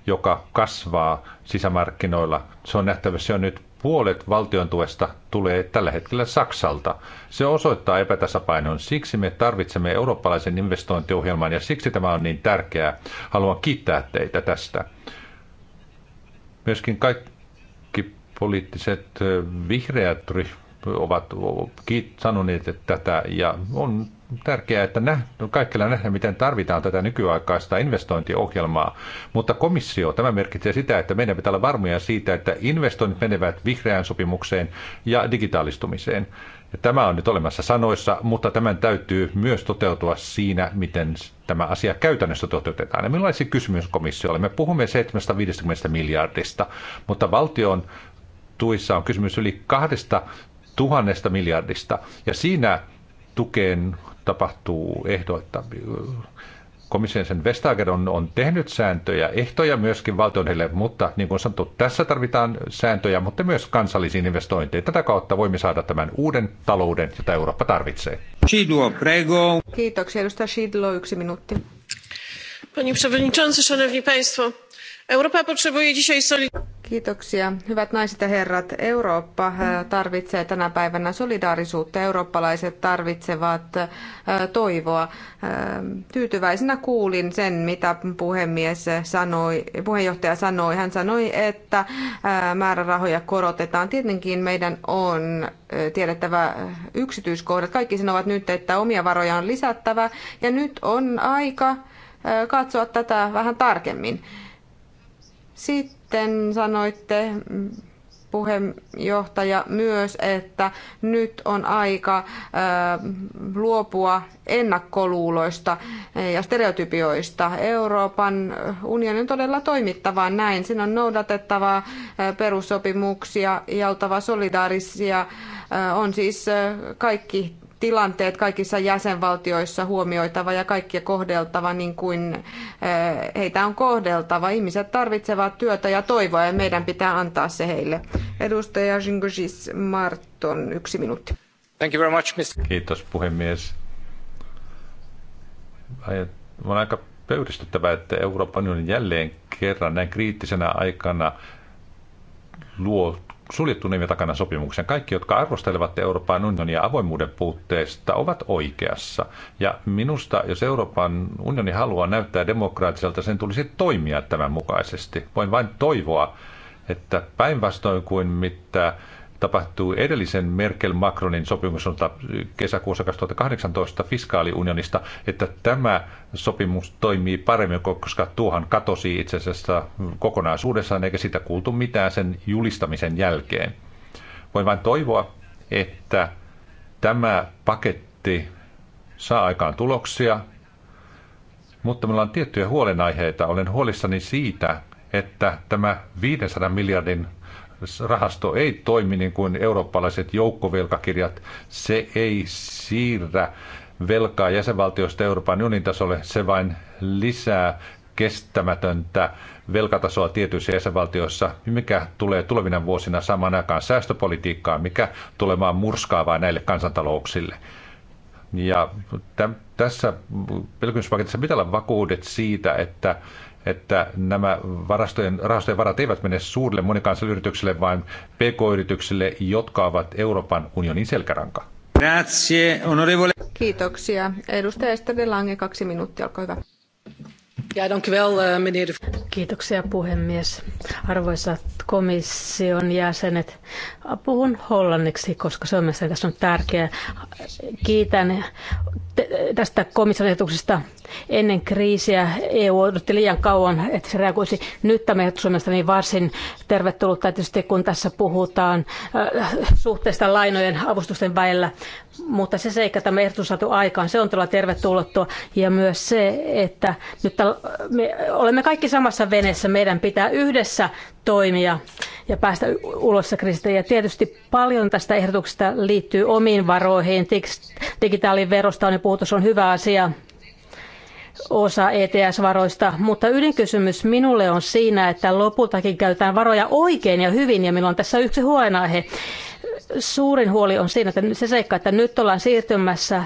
joka kasvaa sisämarkkinoilla. Se on nähtävissä jo nyt puolet valtion tuesta tulee tällä hetkellä Saksalta. Se osoittaa epätasapainon. Siksi me tarvitsemme eurooppalaisen investointiohjelman ja siksi tämä on niin tärkeää. Haluan kiittää teitä tästä. Myöskin kaikki poliittiset vihreät ovat sanoneet että tätä ja on tärkeää, että nä, kaikilla nähdään, miten tarvitaan tätä nykyaikaista investointiohjelmaa. Mutta komissio, tämä merkitsee sitä, että meidän pitää olla varmoja siitä, että investoinnit menevät vihreään sopimukseen ja digitaalistumiseen. Ja tämä on nyt olemassa sanoissa, mutta tämän täytyy myös toteutua siinä, miten tämä asia käytännössä toteutetaan. Ja millaisia kysymys komissiolle? Me puhumme 750 miljardista, mutta valtion tuissa on kysymys yli kahdesta tuhannesta miljardista. Ja siinä tukeen tapahtuu ehdoitta. Komission sen Vestager on, on tehnyt sääntöjä, ehtoja myöskin valtionille, mutta niin kuin sanottu, tässä tarvitaan sääntöjä, mutta myös kansallisiin investointeihin. Tätä kautta voimme saada tämän uuden talouden, jota Eurooppa tarvitsee. Shidlo, prego. Kiitoksia, edustaja Shidlo, yksi minuutti. Panie przewodniczący, szanowni państwo, Europa potrzebuje dzisiaj solidarności. Kiitoksia. Hyvät naiset ja herrat, Eurooppa äh, tarvitsee tänä päivänä solidaarisuutta. Eurooppalaiset tarvitsevat äh, toivoa. Äh, tyytyväisenä kuulin sen, mitä puhemies sanoi, puheenjohtaja sanoi. Hän sanoi, että määrärahoja korotetaan. Tietenkin meidän on tiedettävä yksityiskohdat. Kaikki sanovat nyt, että omia varoja on lisättävä ja nyt on aika katsoa tätä vähän tarkemmin. Sitten sitten sanoitte mm, puheenjohtaja myös, että nyt on aika äh, luopua ennakkoluuloista ja stereotypioista. Euroopan unionin on todella toimittava näin. Siinä on noudatettava äh, perussopimuksia ja oltava solidaarisia. Äh, on siis kaikki tilanteet kaikissa jäsenvaltioissa huomioitava ja kaikkia kohdeltava niin kuin eh, heitä on kohdeltava. Ihmiset tarvitsevat työtä ja toivoa ja meidän pitää antaa se heille. Edustaja Zingosis Marton, yksi minuutti. Thank you very much, Mr. Kiitos puhemies. On aika pöydistyttävää, että Euroopan unioni jälleen kerran näin kriittisenä aikana luo suljettu nimi takana sopimuksen. Kaikki, jotka arvostelevat Euroopan unionia avoimuuden puutteesta, ovat oikeassa. Ja minusta, jos Euroopan unioni haluaa näyttää demokraattiselta, sen tulisi toimia tämän mukaisesti. Voin vain toivoa, että päinvastoin kuin mitä tapahtui edellisen Merkel-Macronin sopimus kesäkuussa 2018 fiskaaliunionista, että tämä sopimus toimii paremmin, koska tuohan katosi itse asiassa kokonaisuudessaan, eikä sitä kuultu mitään sen julistamisen jälkeen. Voin vain toivoa, että tämä paketti saa aikaan tuloksia, mutta meillä on tiettyjä huolenaiheita. Olen huolissani siitä, että tämä 500 miljardin rahasto ei toimi niin kuin eurooppalaiset joukkovelkakirjat. Se ei siirrä velkaa jäsenvaltioista Euroopan unionin tasolle, se vain lisää kestämätöntä velkatasoa tietyissä jäsenvaltioissa, mikä tulee tulevina vuosina samaan aikaan säästöpolitiikkaa, mikä tulemaan murskaavaa näille kansantalouksille. Ja tässä pelkymyspaketissa pitää olla vakuudet siitä, että että nämä varastojen, rahastojen varat eivät mene suurille monikansallisille yrityksille, vaan pk-yrityksille, jotka ovat Euroopan unionin selkäranka. Grazie, onorevole. Kiitoksia. Edustaja Estelle Lange, kaksi minuuttia, olkaa hyvä. Ja, eh, meneer de... Kiitoksia puhemies. Arvoisat komission jäsenet, puhun hollanniksi, koska se on mielestäni tässä on tärkeää. Kiitän tästä komission ehdotuksesta. Ennen kriisiä EU odotti liian kauan, että se reagoisi. Nyt tämä ehdotus on mielestäni varsin tervetullut, tietysti kun tässä puhutaan äh, suhteesta lainojen avustusten välillä mutta se seikka, tämä ehdotus saatu aikaan, se on todella tervetullottua. Ja myös se, että nyt me olemme kaikki samassa veneessä, meidän pitää yhdessä toimia ja päästä ulos kriisistä. Ja tietysti paljon tästä ehdotuksesta liittyy omiin varoihin. verosta on jo puhuttu, se on hyvä asia osa ETS-varoista, mutta ydinkysymys minulle on siinä, että lopultakin käytetään varoja oikein ja hyvin, ja minulla on tässä yksi huolenaihe. Suurin huoli on siinä, että se seikka, että nyt ollaan siirtymässä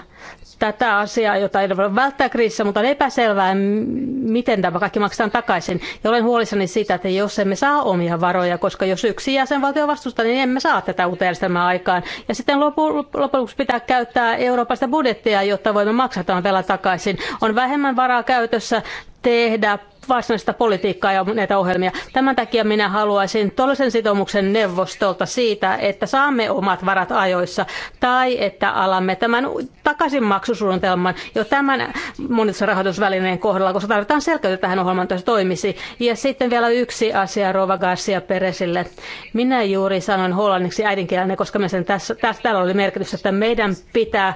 tätä asiaa, jota ei voi välttää kriisissä, mutta on epäselvää, miten tämä kaikki maksetaan takaisin. Ja olen huolissani siitä, että jos emme saa omia varoja, koska jos yksi jäsenvaltio vastustaa, niin emme saa tätä uutta järjestelmää aikaan. Ja sitten lopu, lopuksi pitää käyttää Euroopasta budjettia, jotta voimme maksaa tämän velan takaisin. On vähemmän varaa käytössä, tehdä varsinaista politiikkaa ja näitä ohjelmia. Tämän takia minä haluaisin tuollaisen sitoumuksen neuvostolta siitä, että saamme omat varat ajoissa tai että alamme tämän takaisin maksusuunnitelman jo tämän monissa rahoitusvälineen kohdalla, koska tarvitaan selkeyttä tähän ohjelmaan, että se toimisi. Ja sitten vielä yksi asia Rova Garcia Peresille. Minä juuri sanoin hollanniksi äidinkielinen, koska sen tässä, tässä täällä oli merkitys, että meidän pitää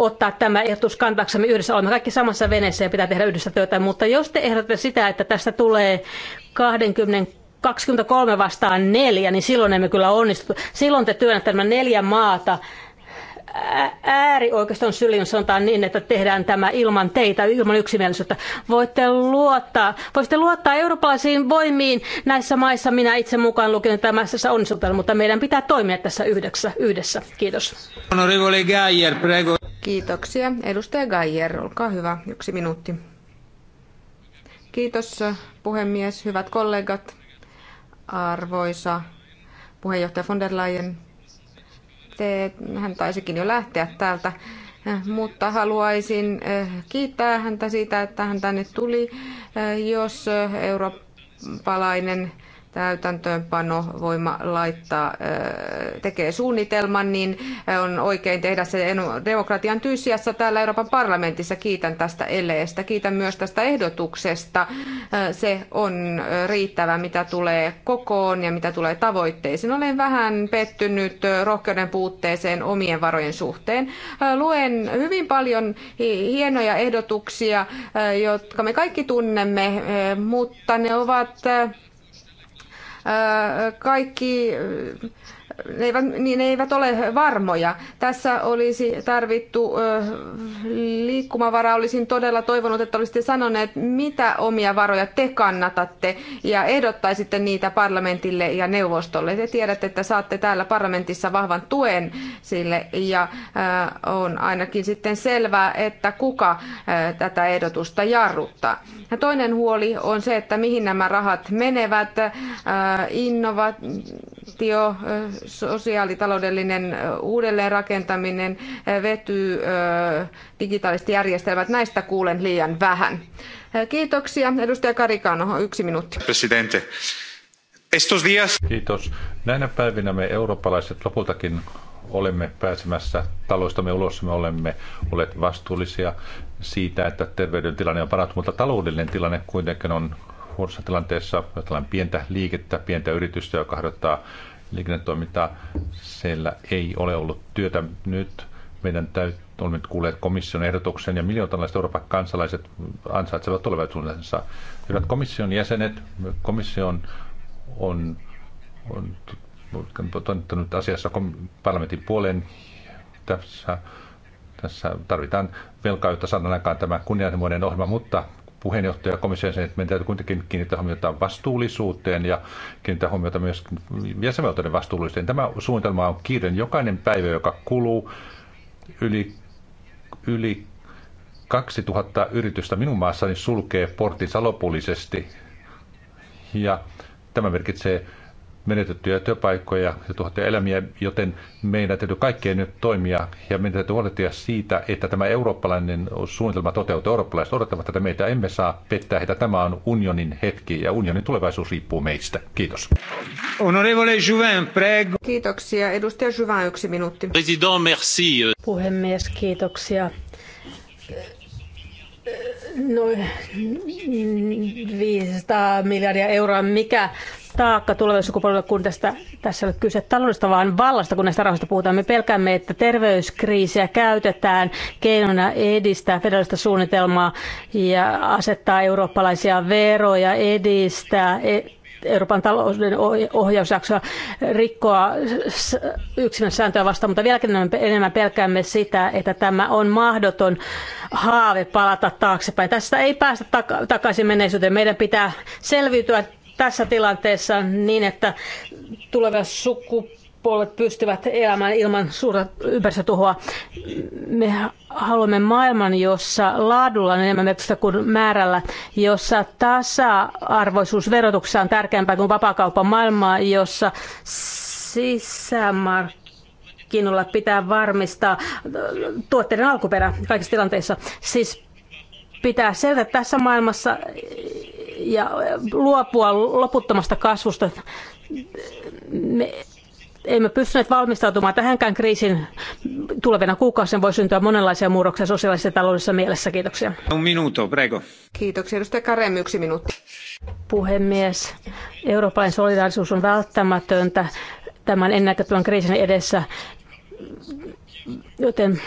ottaa tämä ehdotus kantaksemme yhdessä. Olemme kaikki samassa veneessä ja pitää tehdä yhdessä työtä, mutta jos te ehdotatte sitä, että tästä tulee 20 23 vastaan neljä, niin silloin emme kyllä onnistu. Silloin te työnnätte nämä neljä maata äärioikeiston syljyn sanotaan niin, että tehdään tämä ilman teitä, ilman yksimielisyyttä. Voitte luottaa, voisitte luottaa eurooppalaisiin voimiin näissä maissa, minä itse mukaan lukin tämä onnistutaan, mutta meidän pitää toimia tässä yhdessä. yhdessä. Kiitos. Kiitoksia. Edustaja Geier, olkaa hyvä. Yksi minuutti. Kiitos puhemies, hyvät kollegat, arvoisa puheenjohtaja von der Leyen, lähtee, hän taisikin jo lähteä täältä, eh, mutta haluaisin eh, kiittää häntä siitä, että hän tänne tuli. Eh, jos eurooppalainen täytäntöönpano voima laittaa, tekee suunnitelman, niin on oikein tehdä se demokratian tyysiässä täällä Euroopan parlamentissa. Kiitän tästä eleestä. Kiitän myös tästä ehdotuksesta. Se on riittävä, mitä tulee kokoon ja mitä tulee tavoitteisiin. Olen vähän pettynyt rohkeuden puutteeseen omien varojen suhteen. Luen hyvin paljon hienoja ehdotuksia, jotka me kaikki tunnemme, mutta ne ovat kaikki ne eivät, niin ne eivät ole varmoja. Tässä olisi tarvittu ö, liikkumavaraa. Olisin todella toivonut, että olisitte sanoneet, mitä omia varoja te kannatatte ja ehdottaisitte niitä parlamentille ja neuvostolle. Te tiedätte, että saatte täällä parlamentissa vahvan tuen sille ja ö, on ainakin sitten selvää, että kuka ö, tätä ehdotusta jarruttaa. Ja toinen huoli on se, että mihin nämä rahat menevät. Ö, innovaatio, sosiaalitaloudellinen uudelleenrakentaminen, vety, digitaaliset järjestelmät, näistä kuulen liian vähän. Kiitoksia. Edustaja Karikano, yksi minuutti. Presidente. Estos días. Kiitos. Näinä päivinä me eurooppalaiset lopultakin olemme pääsemässä taloistamme ulos, me olemme olleet vastuullisia siitä, että terveydentilanne on parantunut, mutta taloudellinen tilanne kuitenkin on huonossa tilanteessa, jotain pientä liikettä, pientä yritystä, joka harjoittaa liikennetoimintaa. Siellä ei ole ollut työtä nyt. Meidän täytyy olemme kuulleet komission ehdotuksen ja miljoonalaiset Euroopan kansalaiset ansaitsevat tulevaisuudensa. Hyvät komission jäsenet, komission on, on, on toimittanut asiassa parlamentin puoleen. Tässä, tässä tarvitaan velkaa, jotta saadaan aikaan tämä kunnianhimoinen ohjelma, mutta puheenjohtaja komission sen, että meidän täytyy kuitenkin kiinnittää huomiota vastuullisuuteen ja kiinnittää huomiota myös jäsenvaltioiden vastuullisuuteen. Tämä suunnitelma on kiireinen. Jokainen päivä, joka kuluu yli, yli 2000 yritystä minun maassani sulkee portinsa lopullisesti. Ja tämä merkitsee menetettyjä työpaikkoja ja tuhattuja elämiä, joten meidän täytyy kaikkien nyt toimia ja meidän täytyy huolehtia siitä, että tämä eurooppalainen suunnitelma toteutuu. Eurooppalaiset odottavat tätä meitä, emme saa pettää heitä. Tämä on unionin hetki ja unionin tulevaisuus riippuu meistä. Kiitos. Honorevole Juvin, prego. Kiitoksia. Edustaja Juvin, yksi minuutti. President, merci. Puhemies, kiitoksia noin 500 miljardia euroa, mikä taakka tuleville sukupolville, kun tästä, tässä ei ole kyse taloudesta, vaan vallasta, kun näistä rahoista puhutaan. Me pelkäämme, että terveyskriisiä käytetään keinona edistää federaalista suunnitelmaa ja asettaa eurooppalaisia veroja, edistää e- Euroopan talouden ohjausjaksoa rikkoa yksilön sääntöä vastaan, mutta vieläkin enemmän pelkäämme sitä, että tämä on mahdoton haave palata taaksepäin. Tästä ei päästä takaisin menneisyyteen. Meidän pitää selviytyä tässä tilanteessa niin, että tulevat sukupolvet pystyvät elämään ilman suurta ympäristötuhoa. Me haluamme maailman, jossa laadulla on enemmän merkitystä kuin määrällä, jossa tasa-arvoisuus verotuksessa on tärkeämpää kuin vapaakaupan maailmaa, jossa sisämarkkinoilla kiinnolla pitää varmistaa tuotteiden alkuperä kaikissa tilanteissa. Siis pitää selvä tässä maailmassa ja luopua loputtomasta kasvusta. Me emme pystyneet valmistautumaan tähänkään kriisin. Tulevina kuukausina voi syntyä monenlaisia murroksia sosiaalisessa ja taloudellisessa mielessä. Kiitoksia. Un minuto, prego. Kiitoksia. Edustaja Karem, yksi minuutti. Puhemies, eurooppalainen solidaarisuus on välttämätöntä tämän ennäköttömän kriisin edessä Joten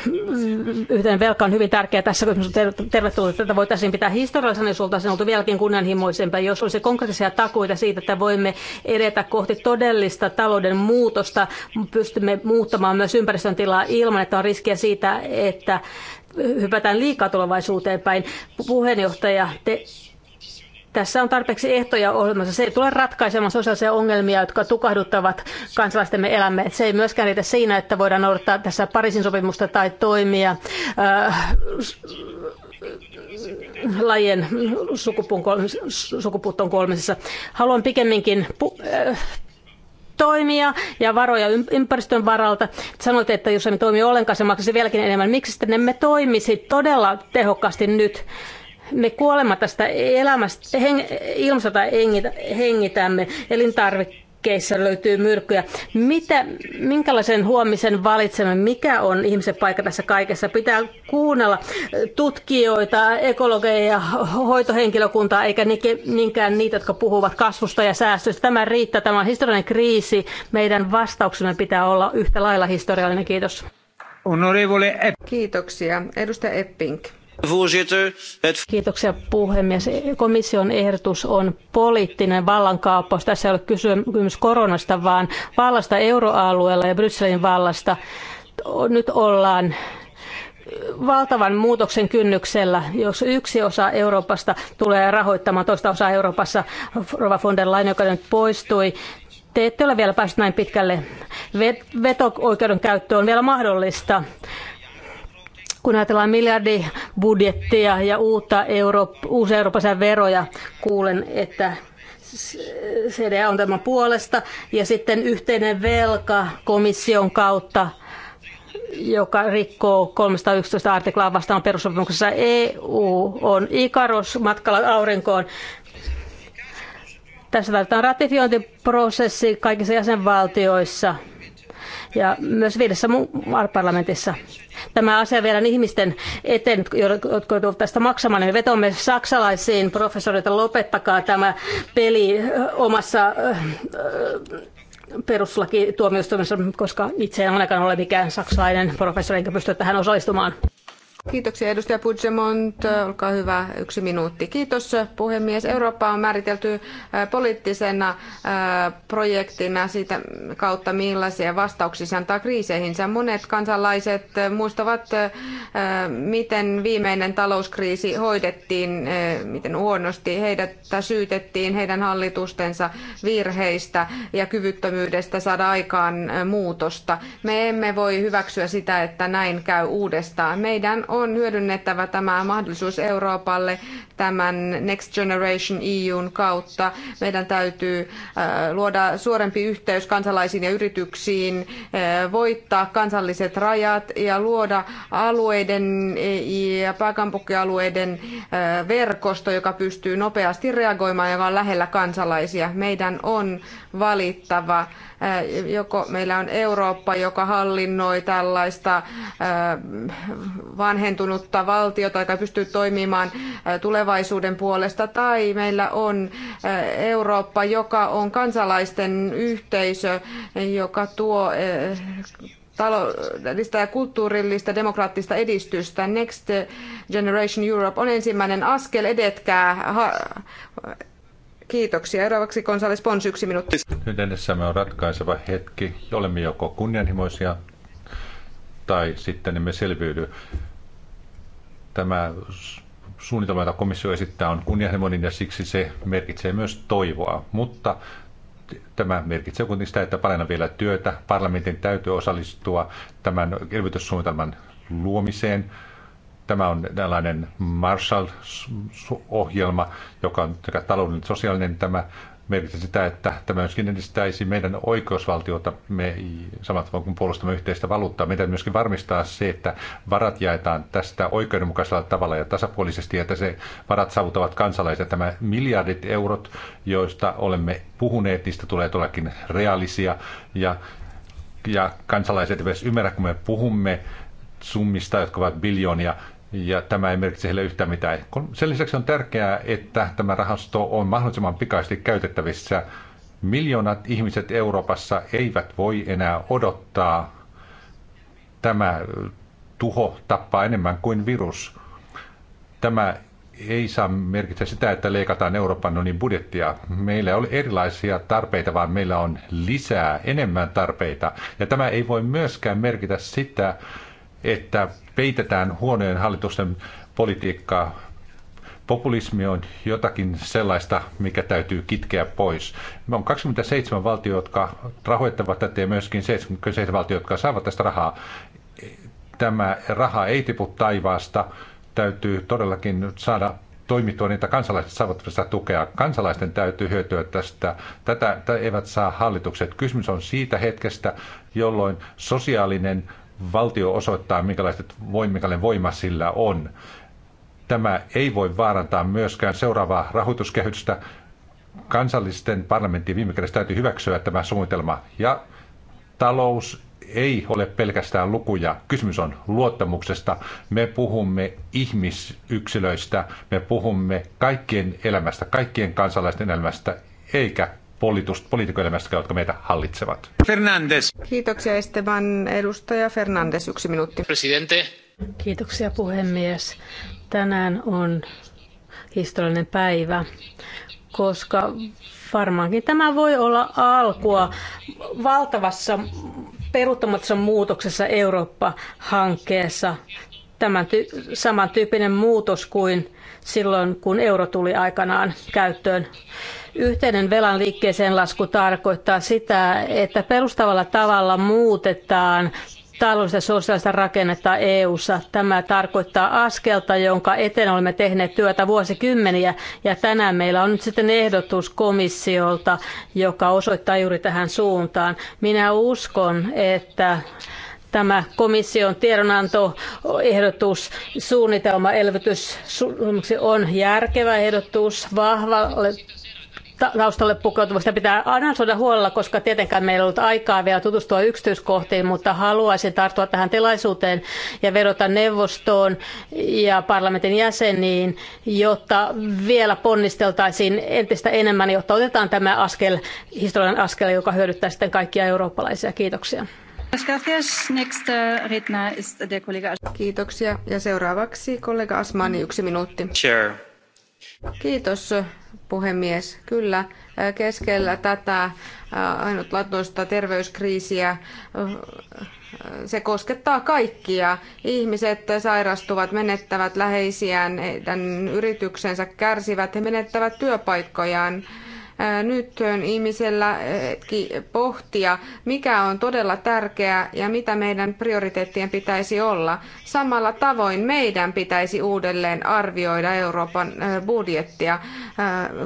yhteen velka on hyvin tärkeä tässä, kun että tätä voitaisiin pitää historiallisena ja sulta oltu vieläkin kunnianhimoisempaa, jos olisi konkreettisia takuita siitä, että voimme edetä kohti todellista talouden muutosta, pystymme muuttamaan myös ympäristön tilaa ilman, että on riskiä siitä, että hypätään liikaa tulevaisuuteen päin. Puheenjohtaja, te tässä on tarpeeksi ehtoja olemassa. Se ei tule ratkaisemaan sosiaalisia ongelmia, jotka tukahduttavat kansalaistemme elämme. Se ei myöskään riitä siinä, että voidaan noudattaa tässä Pariisin sopimusta tai toimia äh, lajien sukupuuttoon kolmisessa. Haluan pikemminkin äh, toimia ja varoja ympäristön varalta. Sanoit, että jos emme toimi ollenkaan, se maksaisi vieläkin enemmän. Miksi sitten emme toimisi todella tehokkaasti nyt? me kuolema tästä elämästä, heng, ilmasta hengitämme, elintarvikkeissa löytyy myrkkyjä. Mitä, minkälaisen huomisen valitsemme, mikä on ihmisen paikka tässä kaikessa? Pitää kuunnella tutkijoita, ekologeja ja hoitohenkilökuntaa, eikä niinkään niitä, jotka puhuvat kasvusta ja säästöstä. Tämä riittää, tämä on historiallinen kriisi. Meidän vastauksemme pitää olla yhtä lailla historiallinen. Kiitos. Honorevole Kiitoksia. Edustaja Epping. Kiitoksia puhemies. Komission ehdotus on poliittinen vallankaappaus. Tässä ei ole kysymys koronasta, vaan vallasta euroalueella ja Brysselin vallasta. Nyt ollaan valtavan muutoksen kynnyksellä, jos yksi osa Euroopasta tulee rahoittamaan toista osaa Euroopassa, Rova von der Leyen, joka nyt poistui, te ette ole vielä päässeet näin pitkälle. Veto-oikeuden käyttö on vielä mahdollista kun ajatellaan miljardibudjettia ja uutta Euro- uusia eurooppalaisia veroja, kuulen, että CDA on tämän puolesta. Ja sitten yhteinen velka komission kautta, joka rikkoo 311 artiklaa vastaan perussopimuksessa. EU on Ikaros matkalla aurinkoon. Tässä tarvitaan ratifiointiprosessi kaikissa jäsenvaltioissa – ja myös viidessä parlamentissa. Tämä asia viedään ihmisten eteen, jotka joutuvat tästä maksamaan. Me vetomme saksalaisiin professoreita, lopettakaa tämä peli omassa tuomioistuimessa, koska itse en ainakaan ole mikään saksalainen professori, enkä pysty tähän osallistumaan. Kiitoksia edustaja Puigdemont. Olkaa hyvä, yksi minuutti. Kiitos puhemies. Eurooppa on määritelty äh, poliittisena äh, projektina siitä kautta, millaisia vastauksia se antaa kriiseihinsä. Monet kansalaiset äh, muistavat, miten viimeinen talouskriisi hoidettiin, miten huonosti heidät syytettiin heidän hallitustensa virheistä ja kyvyttömyydestä saada aikaan muutosta. Me emme voi hyväksyä sitä, että näin käy uudestaan. Meidän on hyödynnettävä tämä mahdollisuus Euroopalle tämän Next Generation EUn kautta. Meidän täytyy äh, luoda suorempi yhteys kansalaisiin ja yrityksiin, äh, voittaa kansalliset rajat ja luoda alueiden äh, ja pääkaupunkialueiden verkosto, joka pystyy nopeasti reagoimaan, joka on lähellä kansalaisia. Meidän on valittava Äh, joko meillä on Eurooppa, joka hallinnoi tällaista äh, vanhentunutta valtiota, joka pystyy toimimaan äh, tulevaisuuden puolesta, tai meillä on Eurooppa, joka on kansalaisten yhteisö, joka tuo taloudellista ja kulttuurillista demokraattista edistystä. Next Generation Europe on ensimmäinen askel, edetkää Kiitoksia. Seuraavaksi Gonzales Pons, yksi minuutti. Nyt edessämme on ratkaiseva hetki. Olemme joko kunnianhimoisia tai sitten emme selviydy. Tämä suunnitelma, jota komissio esittää, on kunnianhimoinen ja siksi se merkitsee myös toivoa. Mutta tämä merkitsee kuitenkin sitä, että paljon vielä työtä. Parlamentin täytyy osallistua tämän elvytyssuunnitelman luomiseen. Tämä on tällainen Marshall-ohjelma, joka on sekä taloudellinen sosiaalinen. Tämä merkitsee sitä, että tämä myöskin edistäisi meidän oikeusvaltiota, me samat kuin puolustamme yhteistä valuuttaa. Meidän myöskin varmistaa se, että varat jaetaan tästä oikeudenmukaisella tavalla ja tasapuolisesti, että se varat saavutavat kansalaiset. Tämä miljardit eurot, joista olemme puhuneet, niistä tulee todellakin reaalisia ja, ja kansalaiset eivät ymmärrä, kun me puhumme summista, jotka ovat biljoonia, ja tämä ei merkitse heille yhtään mitään. Sen lisäksi on tärkeää, että tämä rahasto on mahdollisimman pikaisesti käytettävissä. Miljoonat ihmiset Euroopassa eivät voi enää odottaa. Tämä tuho tappaa enemmän kuin virus. Tämä ei saa merkitä sitä, että leikataan Euroopan unionin budjettia. Meillä ole erilaisia tarpeita, vaan meillä on lisää, enemmän tarpeita. Ja tämä ei voi myöskään merkitä sitä, että peitetään huonojen hallitusten politiikkaa. Populismi on jotakin sellaista, mikä täytyy kitkeä pois. Me on 27 valtio, jotka rahoittavat tätä ja myöskin 77 valtio, jotka saavat tästä rahaa. Tämä raha ei tipu taivaasta. Täytyy todellakin saada toimittua niitä kansalaiset saavat sitä tukea. Kansalaisten täytyy hyötyä tästä. Tätä, tätä eivät saa hallitukset. Kysymys on siitä hetkestä, jolloin sosiaalinen valtio osoittaa, minkälaiset voimikalle voima sillä on. Tämä ei voi vaarantaa myöskään seuraavaa rahoituskehystä. Kansallisten parlamenttien viime kädessä täytyy hyväksyä tämä suunnitelma. Ja talous ei ole pelkästään lukuja. Kysymys on luottamuksesta. Me puhumme ihmisyksilöistä, me puhumme kaikkien elämästä, kaikkien kansalaisten elämästä, eikä poliitikoelämästä, jotka meitä hallitsevat. Fernandes. Kiitoksia Esteban. Edustaja Fernandes, yksi minuutti. Presidente. Kiitoksia puhemies. Tänään on historiallinen päivä, koska varmaankin tämä voi olla alkua valtavassa peruuttamattomassa muutoksessa Eurooppa-hankkeessa. Tämän ty- samantyyppinen muutos kuin silloin, kun euro tuli aikanaan käyttöön. Yhteinen velan liikkeeseen lasku tarkoittaa sitä, että perustavalla tavalla muutetaan taloudellista ja sosiaalista rakennetta EU:ssa. Tämä tarkoittaa askelta, jonka eteen olemme tehneet työtä vuosikymmeniä, ja tänään meillä on nyt sitten ehdotus komissiolta, joka osoittaa juuri tähän suuntaan. Minä uskon, että tämä komission tiedonanto, ehdotus, suunnitelma, elvytys on järkevä ehdotus vahvalle taustalle pukeutuvasta pitää analysoida huolella, koska tietenkään meillä ei ollut aikaa vielä tutustua yksityiskohtiin, mutta haluaisin tarttua tähän tilaisuuteen ja vedota neuvostoon ja parlamentin jäseniin, jotta vielä ponnisteltaisiin entistä enemmän, jotta otetaan tämä askel, historian askel, joka hyödyttää sitten kaikkia eurooppalaisia. Kiitoksia. Uh, Kiitoksia. Ja seuraavaksi kollega Asmani, yksi minuutti. Kiitos puhemies. Kyllä, keskellä tätä ainutlaatuista terveyskriisiä se koskettaa kaikkia. Ihmiset sairastuvat, menettävät läheisiään, heidän yrityksensä kärsivät, he menettävät työpaikkojaan nyt on ihmisellä pohtia, mikä on todella tärkeää ja mitä meidän prioriteettien pitäisi olla. Samalla tavoin meidän pitäisi uudelleen arvioida Euroopan budjettia,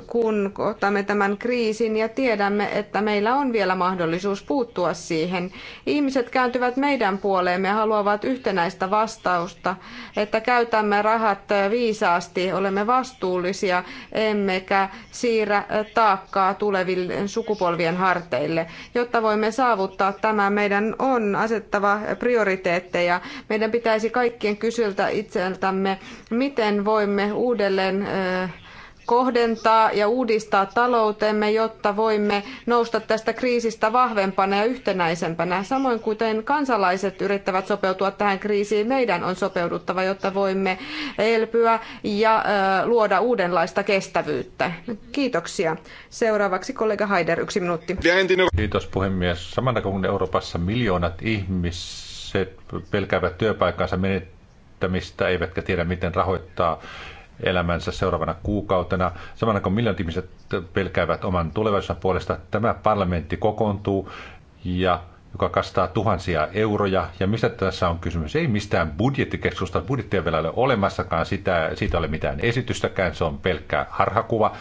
kun otamme tämän kriisin ja tiedämme, että meillä on vielä mahdollisuus puuttua siihen. Ihmiset kääntyvät meidän puoleemme ja haluavat yhtenäistä vastausta, että käytämme rahat viisaasti, olemme vastuullisia, emmekä siirrä taakkaa taakkaa tuleville sukupolvien harteille. Jotta voimme saavuttaa tämä, meidän on asettava prioriteetteja. Meidän pitäisi kaikkien kysyä itseltämme, miten voimme uudelleen äh, kohdentaa ja uudistaa taloutemme, jotta voimme nousta tästä kriisistä vahvempana ja yhtenäisempänä. Samoin kuten kansalaiset yrittävät sopeutua tähän kriisiin, meidän on sopeuduttava, jotta voimme elpyä ja luoda uudenlaista kestävyyttä. Kiitoksia. Seuraavaksi kollega Haider, yksi minuutti. Kiitos puhemies. Samana kun Euroopassa miljoonat ihmiset pelkäävät työpaikkansa menettämistä, eivätkä tiedä miten rahoittaa elämänsä seuraavana kuukautena. Samalla kun miljoonat ihmiset pelkäävät oman tulevaisuuden puolesta, tämä parlamentti kokoontuu ja joka kastaa tuhansia euroja. Ja mistä tässä on kysymys? Ei mistään budjettikeskusta, budjettia vielä ole olemassakaan, sitä, siitä ei ole mitään esitystäkään, se on pelkkää harhakuva.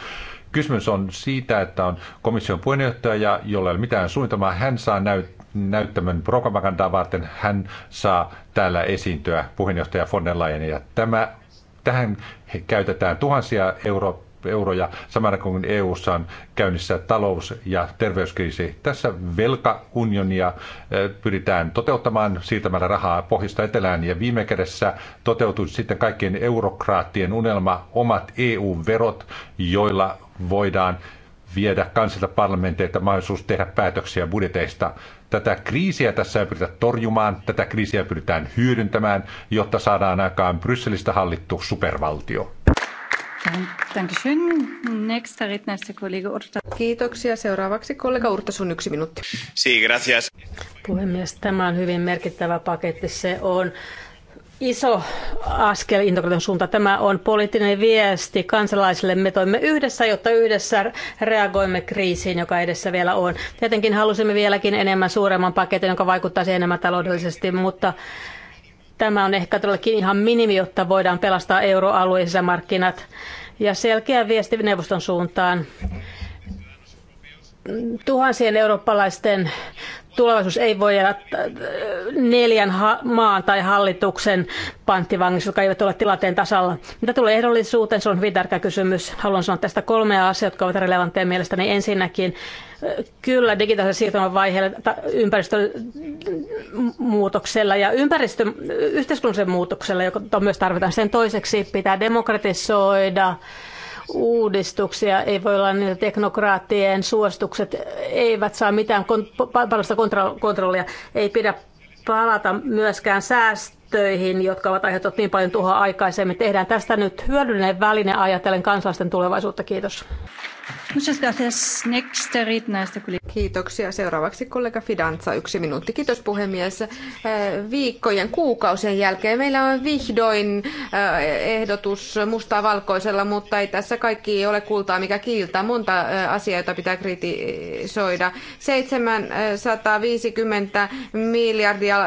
Kysymys on siitä, että on komission puheenjohtaja, jolla ei ole mitään suunnitelmaa. Hän saa näyttää näyttämön propagandaa varten hän saa täällä esiintyä puheenjohtaja von der Leyen. Ja tämä Tähän käytetään tuhansia euro, euroja, samana kuin EU:ssa on käynnissä talous- ja terveyskriisi. Tässä velkaunionia pyritään toteuttamaan siirtämällä rahaa pohjista etelään ja viime kädessä toteutuu sitten kaikkien eurokraattien unelma omat EU-verot, joilla voidaan viedä kansilta parlamenteilta mahdollisuus tehdä päätöksiä budjeteista. Tätä kriisiä tässä ei pyritä torjumaan, tätä kriisiä pyritään hyödyntämään, jotta saadaan aikaan Brysselistä hallittu supervaltio. Kiitoksia. Seuraavaksi kollega sun yksi minuutti. Si, gracias. Puhemies, tämä on hyvin merkittävä paketti. Se on iso askel integraation suuntaan. Tämä on poliittinen viesti kansalaisille. Me toimme yhdessä, jotta yhdessä reagoimme kriisiin, joka edessä vielä on. Tietenkin halusimme vieläkin enemmän suuremman paketin, joka vaikuttaisi enemmän taloudellisesti, mutta tämä on ehkä todellakin ihan minimi, jotta voidaan pelastaa euroalueen markkinat. Ja selkeä viesti neuvoston suuntaan tuhansien eurooppalaisten tulevaisuus ei voi jäädä äh, neljän maan tai hallituksen panttivangissa, jotka eivät ole tilanteen tasalla. Mitä tulee ehdollisuuteen, se on hyvin tärkeä kysymys. Haluan sanoa tästä kolmea asiaa, jotka ovat relevantteja mielestäni. Ensinnäkin äh, kyllä digitaalisen siirtymän vaiheella ympäristön mm, muutoksella ja ympäristön, yhteiskunnallisen muutoksella, joka myös tarvitaan. Sen toiseksi pitää demokratisoida uudistuksia. Ei voi olla niitä teknokraattien suostukset, eivät saa mitään kon- palvelusta kontrollia. Ei pidä palata myöskään säästöön töihin, jotka ovat aiheuttaneet niin paljon tuhoa aikaisemmin. Tehdään tästä nyt hyödyllinen väline ajatellen kansalaisten tulevaisuutta. Kiitos. Kiitoksia. Seuraavaksi kollega Fidanza, yksi minuutti. Kiitos puhemies. Äh, viikkojen, kuukausien jälkeen meillä on vihdoin äh, ehdotus mustaa valkoisella, mutta ei tässä kaikki ole kultaa, mikä kiiltää. Monta äh, asiaa, jota pitää kritisoida. 750 miljardia,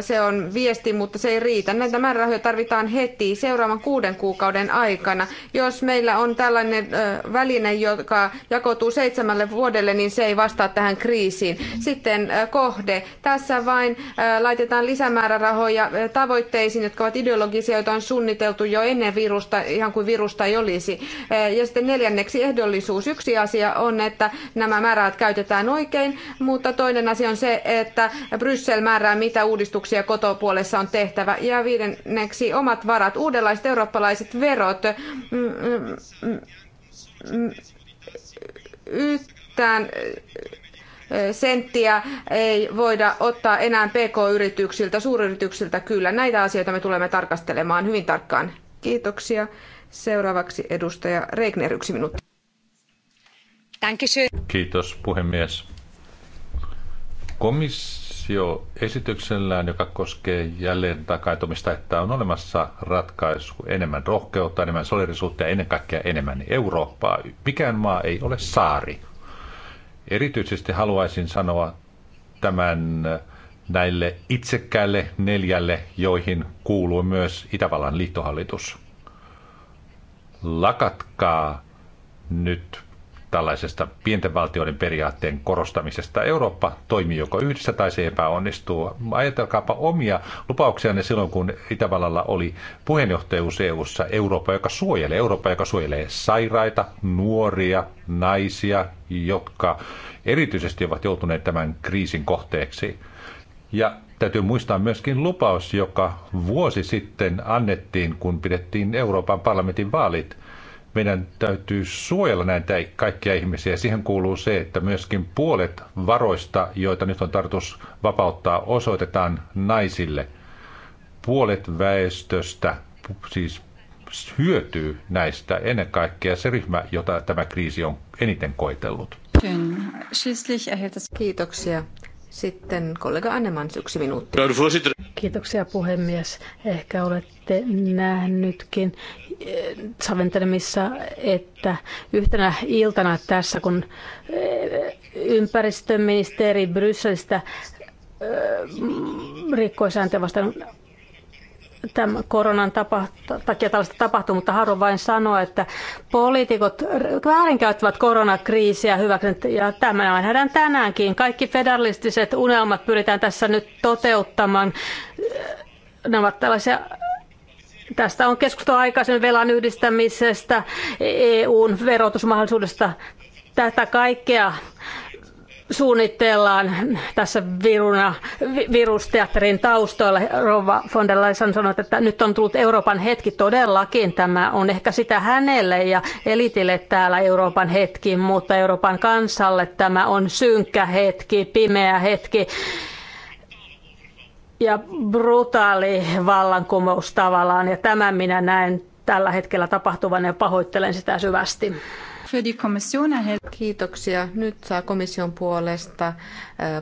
se on viesti nopeasti, mutta se ei riitä. Näitä määrärahoja tarvitaan heti seuraavan kuuden kuukauden aikana. Jos meillä on tällainen väline, joka jakautuu seitsemälle vuodelle, niin se ei vastaa tähän kriisiin. Sitten kohde. Tässä vain laitetaan lisämäärärahoja tavoitteisiin, jotka ovat ideologisia, joita on suunniteltu jo ennen virusta, ihan kuin virusta ei olisi. Ja sitten neljänneksi ehdollisuus. Yksi asia on, että nämä määrät käytetään oikein, mutta toinen asia on se, että Bryssel määrää, mitä uudistuksia kotopuolessa euroalueessa on tehtävä. Ja viidenneksi omat varat, uudenlaiset eurooppalaiset verot. Yhtään senttiä ei voida ottaa enää pk-yrityksiltä, suuryrityksiltä kyllä. Näitä asioita me tulemme tarkastelemaan hyvin tarkkaan. Kiitoksia. Seuraavaksi edustaja Regner, yksi minuutti. Kiitos puhemies. Komissio komissio esityksellään, joka koskee jälleen takaitumista, että on olemassa ratkaisu enemmän rohkeutta, enemmän solidarisuutta ja ennen kaikkea enemmän Eurooppaa. Mikään maa ei ole saari. Erityisesti haluaisin sanoa tämän näille itsekkäille neljälle, joihin kuuluu myös Itävallan liittohallitus. Lakatkaa nyt tällaisesta pienten valtioiden periaatteen korostamisesta. Eurooppa toimii joko yhdessä tai se epäonnistuu. Ajatelkaapa omia lupauksianne silloin, kun Itävallalla oli puheenjohtajuus EU-ssa Eurooppa, joka suojelee. Eurooppa, joka suojelee sairaita, nuoria, naisia, jotka erityisesti ovat joutuneet tämän kriisin kohteeksi. Ja täytyy muistaa myöskin lupaus, joka vuosi sitten annettiin, kun pidettiin Euroopan parlamentin vaalit – meidän täytyy suojella näitä kaikkia ihmisiä. Siihen kuuluu se, että myöskin puolet varoista, joita nyt on tarkoitus vapauttaa, osoitetaan naisille. Puolet väestöstä siis hyötyy näistä ennen kaikkea se ryhmä, jota tämä kriisi on eniten koitellut. Kiitoksia. Sitten kollega Annemans yksi minuutti. Kiitoksia puhemies. Ehkä olette nähnytkin eh, saventelemissa, että yhtenä iltana tässä, kun eh, ympäristöministeri Brysselistä eh, rikkoi sääntöä vastaan tämän koronan tapa, takia tällaista tapahtuu, mutta haluan vain sanoa, että poliitikot väärinkäyttävät koronakriisiä hyväksi, ja tämä nähdään tänäänkin. Kaikki federalistiset unelmat pyritään tässä nyt toteuttamaan. Ne ovat tällaisia Tästä on keskusteltu aikaisemmin velan yhdistämisestä, EUn verotusmahdollisuudesta. Tätä kaikkea suunnitellaan tässä viruna, virusteatterin taustoilla. Rova von der Leyen sanoi, että nyt on tullut Euroopan hetki todellakin. Tämä on ehkä sitä hänelle ja elitille täällä Euroopan hetki, mutta Euroopan kansalle tämä on synkkä hetki, pimeä hetki ja brutaali vallankumous tavallaan. Ja tämän minä näen tällä hetkellä tapahtuvan ja pahoittelen sitä syvästi. Kiitoksia. Nyt saa komission puolesta äh,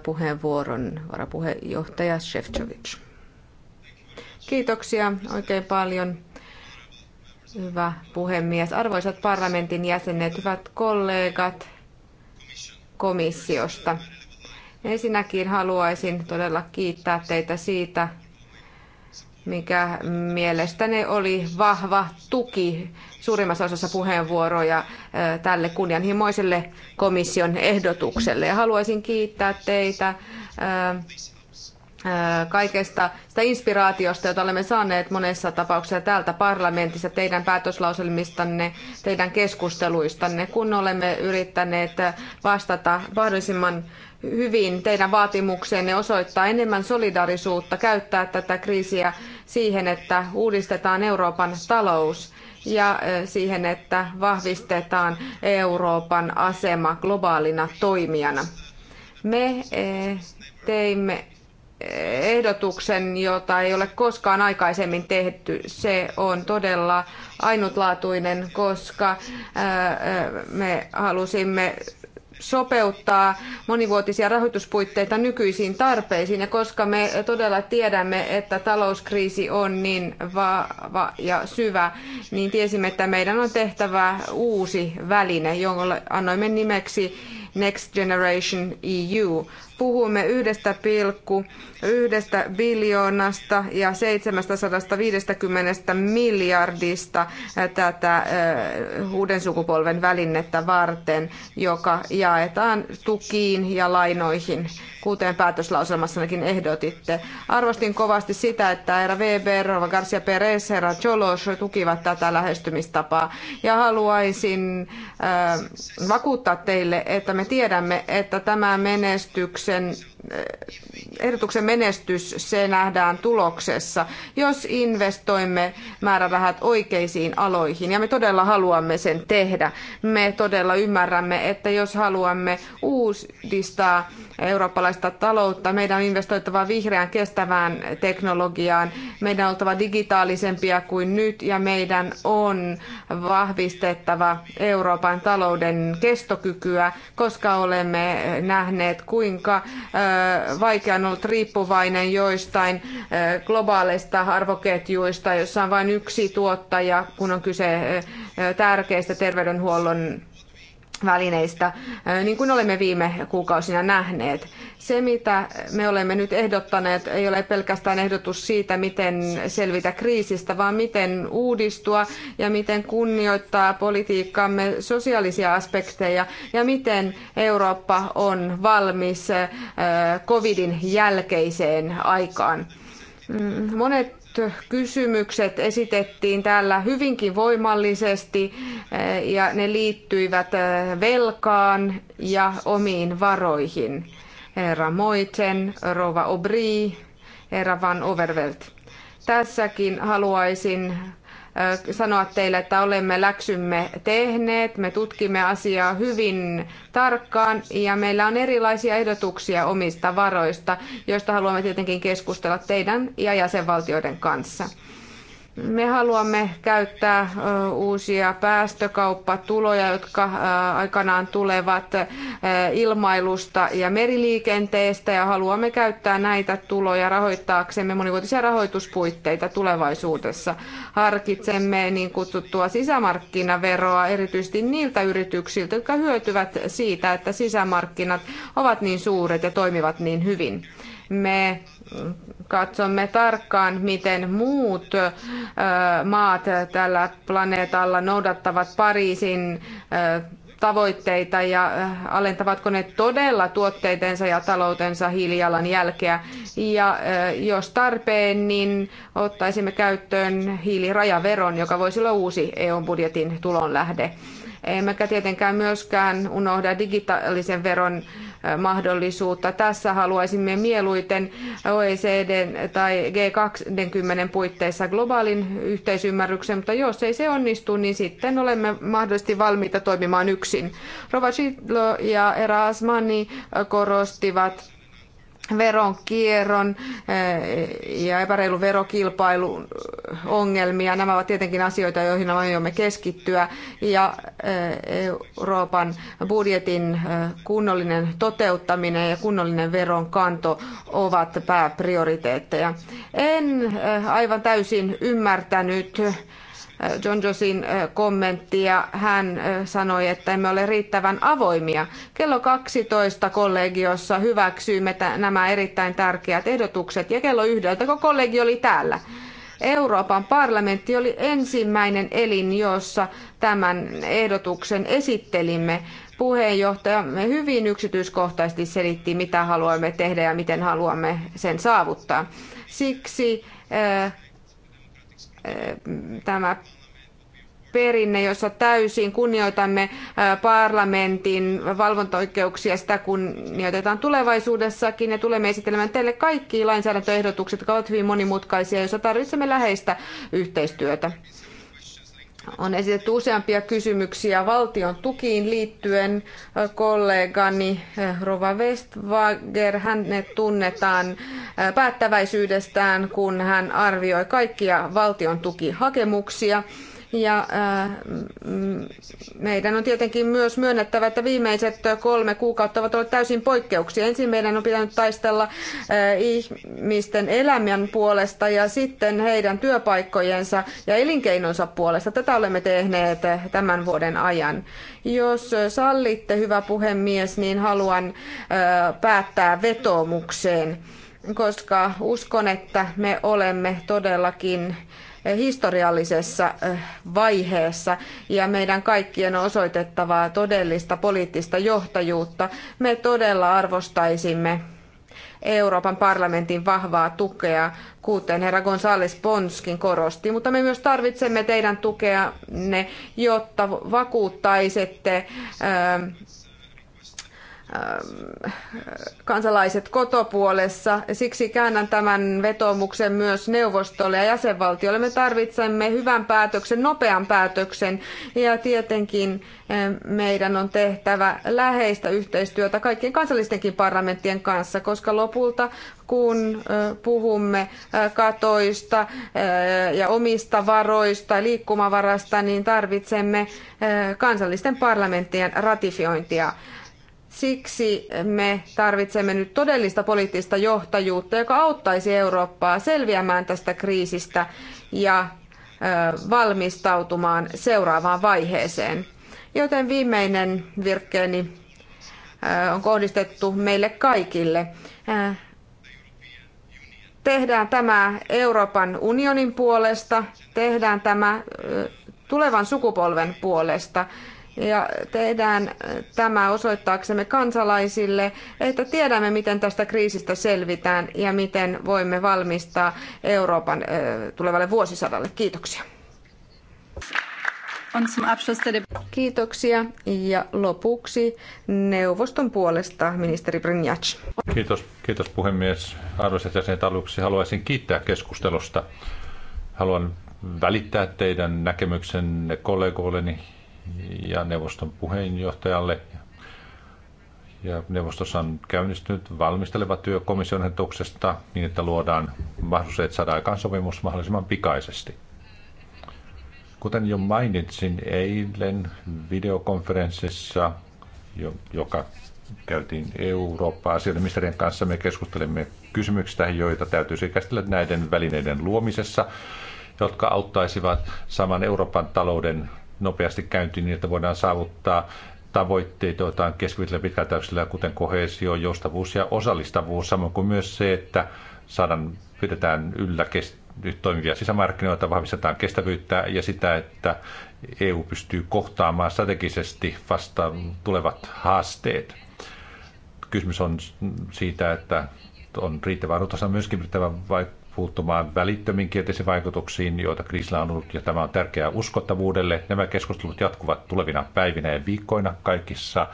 puheenvuoron varapuheenjohtaja Shevchovic. Kiitoksia oikein paljon. Hyvä puhemies, arvoisat parlamentin jäsenet, hyvät kollegat komissiosta. Ensinnäkin haluaisin todella kiittää teitä siitä, mikä mielestäni oli vahva tuki suurimmassa osassa puheenvuoroja tälle kunnianhimoiselle komission ehdotukselle. Ja haluaisin kiittää teitä kaikesta sitä inspiraatiosta, jota olemme saaneet monessa tapauksessa täältä parlamentissa, teidän päätöslauselmistanne, teidän keskusteluistanne, kun olemme yrittäneet vastata mahdollisimman hyvin teidän vaatimukseenne osoittaa enemmän solidaarisuutta, käyttää tätä kriisiä siihen, että uudistetaan Euroopan talous ja siihen, että vahvistetaan Euroopan asema globaalina toimijana. Me teimme ehdotuksen, jota ei ole koskaan aikaisemmin tehty. Se on todella ainutlaatuinen, koska me halusimme sopeuttaa monivuotisia rahoituspuitteita nykyisiin tarpeisiin. Ja koska me todella tiedämme, että talouskriisi on niin vahva ja syvä, niin tiesimme, että meidän on tehtävä uusi väline, jolle annoimme nimeksi Next Generation EU. Puhumme yhdestä pilkku yhdestä biljoonasta ja 750 miljardista tätä uuden sukupolven välinettä varten, joka jaetaan tukiin ja lainoihin, kuten päätöslauselmassakin ehdotitte. Arvostin kovasti sitä, että herra Weber, Rova Garcia Perez, ja Cholos tukivat tätä lähestymistapaa. Ja haluaisin vakuuttaa teille, että me me tiedämme, että tämä menestyksen ehdotuksen menestys, se nähdään tuloksessa, jos investoimme määrärahat oikeisiin aloihin. Ja me todella haluamme sen tehdä. Me todella ymmärrämme, että jos haluamme uudistaa eurooppalaista taloutta, meidän on investoitava vihreään kestävään teknologiaan, meidän on oltava digitaalisempia kuin nyt ja meidän on vahvistettava Euroopan talouden kestokykyä, koska olemme nähneet kuinka vaikea on ollut riippuvainen joistain globaaleista arvoketjuista, jossa on vain yksi tuottaja, kun on kyse tärkeistä terveydenhuollon välineistä, niin kuin olemme viime kuukausina nähneet. Se, mitä me olemme nyt ehdottaneet, ei ole pelkästään ehdotus siitä, miten selvitä kriisistä, vaan miten uudistua ja miten kunnioittaa politiikkamme sosiaalisia aspekteja ja miten Eurooppa on valmis covidin jälkeiseen aikaan. Mm, monet kysymykset esitettiin täällä hyvinkin voimallisesti eh, ja ne liittyivät eh, velkaan ja omiin varoihin. Herra Moiten, Rova Obri, herra Van Overveld. Tässäkin haluaisin sanoa teille, että olemme läksymme tehneet, me tutkimme asiaa hyvin tarkkaan ja meillä on erilaisia ehdotuksia omista varoista, joista haluamme tietenkin keskustella teidän ja jäsenvaltioiden kanssa. Me haluamme käyttää uusia päästökauppatuloja, jotka aikanaan tulevat ilmailusta ja meriliikenteestä ja haluamme käyttää näitä tuloja rahoittaaksemme monivuotisia rahoituspuitteita tulevaisuudessa. Harkitsemme niin kutsuttua sisämarkkinaveroa erityisesti niiltä yrityksiltä, jotka hyötyvät siitä, että sisämarkkinat ovat niin suuret ja toimivat niin hyvin. Me katsomme tarkkaan, miten muut maat tällä planeetalla noudattavat Pariisin tavoitteita ja alentavatko ne todella tuotteidensa ja taloutensa hiilijalanjälkeä. Ja jos tarpeen, niin ottaisimme käyttöön hiilirajaveron, joka voisi olla uusi EU-budjetin tulonlähde. Emmekä tietenkään myöskään unohda digitaalisen veron mahdollisuutta. Tässä haluaisimme mieluiten OECD tai G20 puitteissa globaalin yhteisymmärryksen, mutta jos ei se onnistu, niin sitten olemme mahdollisesti valmiita toimimaan yksin. Rova Schindler ja Erasmani korostivat veronkierron eh, ja epäreilun verokilpailun eh, ongelmia. Nämä ovat tietenkin asioita, joihin aiomme keskittyä. Ja eh, Euroopan budjetin kunnollinen toteuttaminen ja kunnollinen veronkanto ovat pääprioriteetteja. En aivan täysin ymmärtänyt Äh, John Josin äh, kommenttia. Hän äh, sanoi, että emme ole riittävän avoimia. Kello 12 kollegiossa hyväksyimme nämä erittäin tärkeät ehdotukset ja kello yhdeltä, kun kollegi oli täällä. Euroopan parlamentti oli ensimmäinen elin, jossa tämän ehdotuksen esittelimme. Puheenjohtaja hyvin yksityiskohtaisesti selitti, mitä haluamme tehdä ja miten haluamme sen saavuttaa. Siksi tämä perinne, jossa täysin kunnioitamme parlamentin valvontaoikeuksia, sitä kunnioitetaan tulevaisuudessakin ja tulemme esittelemään teille kaikki lainsäädäntöehdotukset, jotka ovat hyvin monimutkaisia, joissa tarvitsemme läheistä yhteistyötä. On esitetty useampia kysymyksiä valtion tukiin liittyen. Kollegani eh, Rova Westwager, hänet tunnetaan eh, päättäväisyydestään, kun hän arvioi kaikkia valtion tukihakemuksia. Ja äh, meidän on tietenkin myös myönnettävä, että viimeiset kolme kuukautta ovat olleet täysin poikkeuksia. Ensin meidän on pitänyt taistella äh, ihmisten elämän puolesta ja sitten heidän työpaikkojensa ja elinkeinonsa puolesta. Tätä olemme tehneet tämän vuoden ajan. Jos sallitte, hyvä puhemies, niin haluan äh, päättää vetoomukseen, koska uskon, että me olemme todellakin historiallisessa eh, vaiheessa ja meidän kaikkien on osoitettavaa todellista poliittista johtajuutta. Me todella arvostaisimme Euroopan parlamentin vahvaa tukea, kuten herra González Ponskin korosti, mutta me myös tarvitsemme teidän tukeanne, jotta vakuuttaisitte äh, Ähm, kansalaiset kotopuolessa. Siksi käännän tämän vetomuksen myös neuvostolle ja jäsenvaltiolle. Me tarvitsemme hyvän päätöksen, nopean päätöksen ja tietenkin ähm, meidän on tehtävä läheistä yhteistyötä kaikkien kansallistenkin parlamenttien kanssa, koska lopulta kun puhumme katoista ja omista varoista, liikkumavarasta, niin tarvitsemme kansallisten parlamenttien ratifiointia. Siksi me tarvitsemme nyt todellista poliittista johtajuutta, joka auttaisi Eurooppaa selviämään tästä kriisistä ja valmistautumaan seuraavaan vaiheeseen. Joten viimeinen virkkeeni on kohdistettu meille kaikille. Tehdään tämä Euroopan unionin puolesta, tehdään tämä tulevan sukupolven puolesta ja tehdään äh, tämä osoittaaksemme kansalaisille, että tiedämme, miten tästä kriisistä selvitään ja miten voimme valmistaa Euroopan äh, tulevalle vuosisadalle. Kiitoksia. Kiitoksia. Ja lopuksi neuvoston puolesta ministeri Brynjac. Kiitos, kiitos puhemies. Arvoisat jäsenet, aluksi haluaisin kiittää keskustelusta. Haluan välittää teidän näkemyksenne kollegoilleni ja neuvoston puheenjohtajalle. Ja neuvostossa on käynnistynyt valmisteleva työ komission ehdotuksesta niin, että luodaan että saadaan aikaan sopimus mahdollisimman pikaisesti. Kuten jo mainitsin eilen videokonferenssissa, joka käytiin Eurooppa-asioiden kanssa, me keskustelimme kysymyksistä, joita täytyisi käsitellä näiden välineiden luomisessa, jotka auttaisivat saman Euroopan talouden nopeasti käyntiin niin, että voidaan saavuttaa tavoitteet, joita on keskipitkällä pitkällä kuten kohesio, joustavuus ja osallistavuus, samoin kuin myös se, että saadaan, pidetään yllä kest- toimivia sisämarkkinoita, vahvistetaan kestävyyttä ja sitä, että EU pystyy kohtaamaan strategisesti vasta tulevat haasteet. Kysymys on siitä, että on riittävä on myöskin pitävä vaikka puuttumaan välittömiin kielteisiin vaikutuksiin, joita kriisillä on ollut, ja tämä on tärkeää uskottavuudelle. Nämä keskustelut jatkuvat tulevina päivinä ja viikkoina kaikissa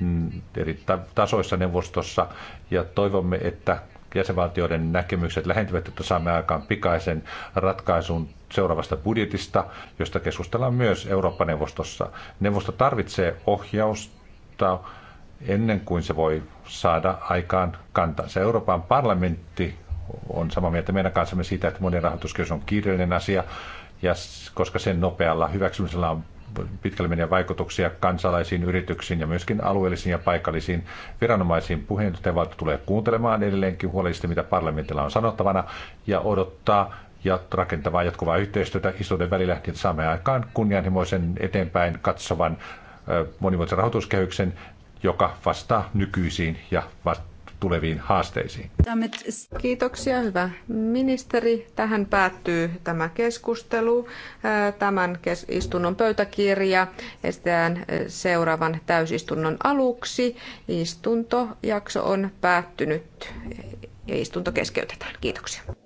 mm, eri tasoissa neuvostossa, ja toivomme, että jäsenvaltioiden näkemykset lähentyvät, että saamme aikaan pikaisen ratkaisun seuraavasta budjetista, josta keskustellaan myös Eurooppa-neuvostossa. Neuvosto tarvitsee ohjausta ennen kuin se voi saada aikaan kantansa. Euroopan parlamentti on samaa mieltä meidän kanssamme siitä, että monen rahoituskehys on kiireellinen asia, ja koska sen nopealla hyväksymisellä on pitkälle meniä vaikutuksia kansalaisiin, yrityksiin ja myöskin alueellisiin ja paikallisiin viranomaisiin. Puheenjohtajavaltio tulee kuuntelemaan edelleenkin huolellisesti, mitä parlamentilla on sanottavana, ja odottaa ja rakentavaa jatkuvaa yhteistyötä istuuden välillä, niin että saamme aikaan kunnianhimoisen eteenpäin katsovan monivuotisen rahoituskehyksen, joka vastaa nykyisiin ja vasta tuleviin haasteisiin. Kiitoksia, hyvä ministeri. Tähän päättyy tämä keskustelu. Tämän istunnon pöytäkirja estetään seuraavan täysistunnon aluksi. Istuntojakso on päättynyt ja istunto keskeytetään. Kiitoksia.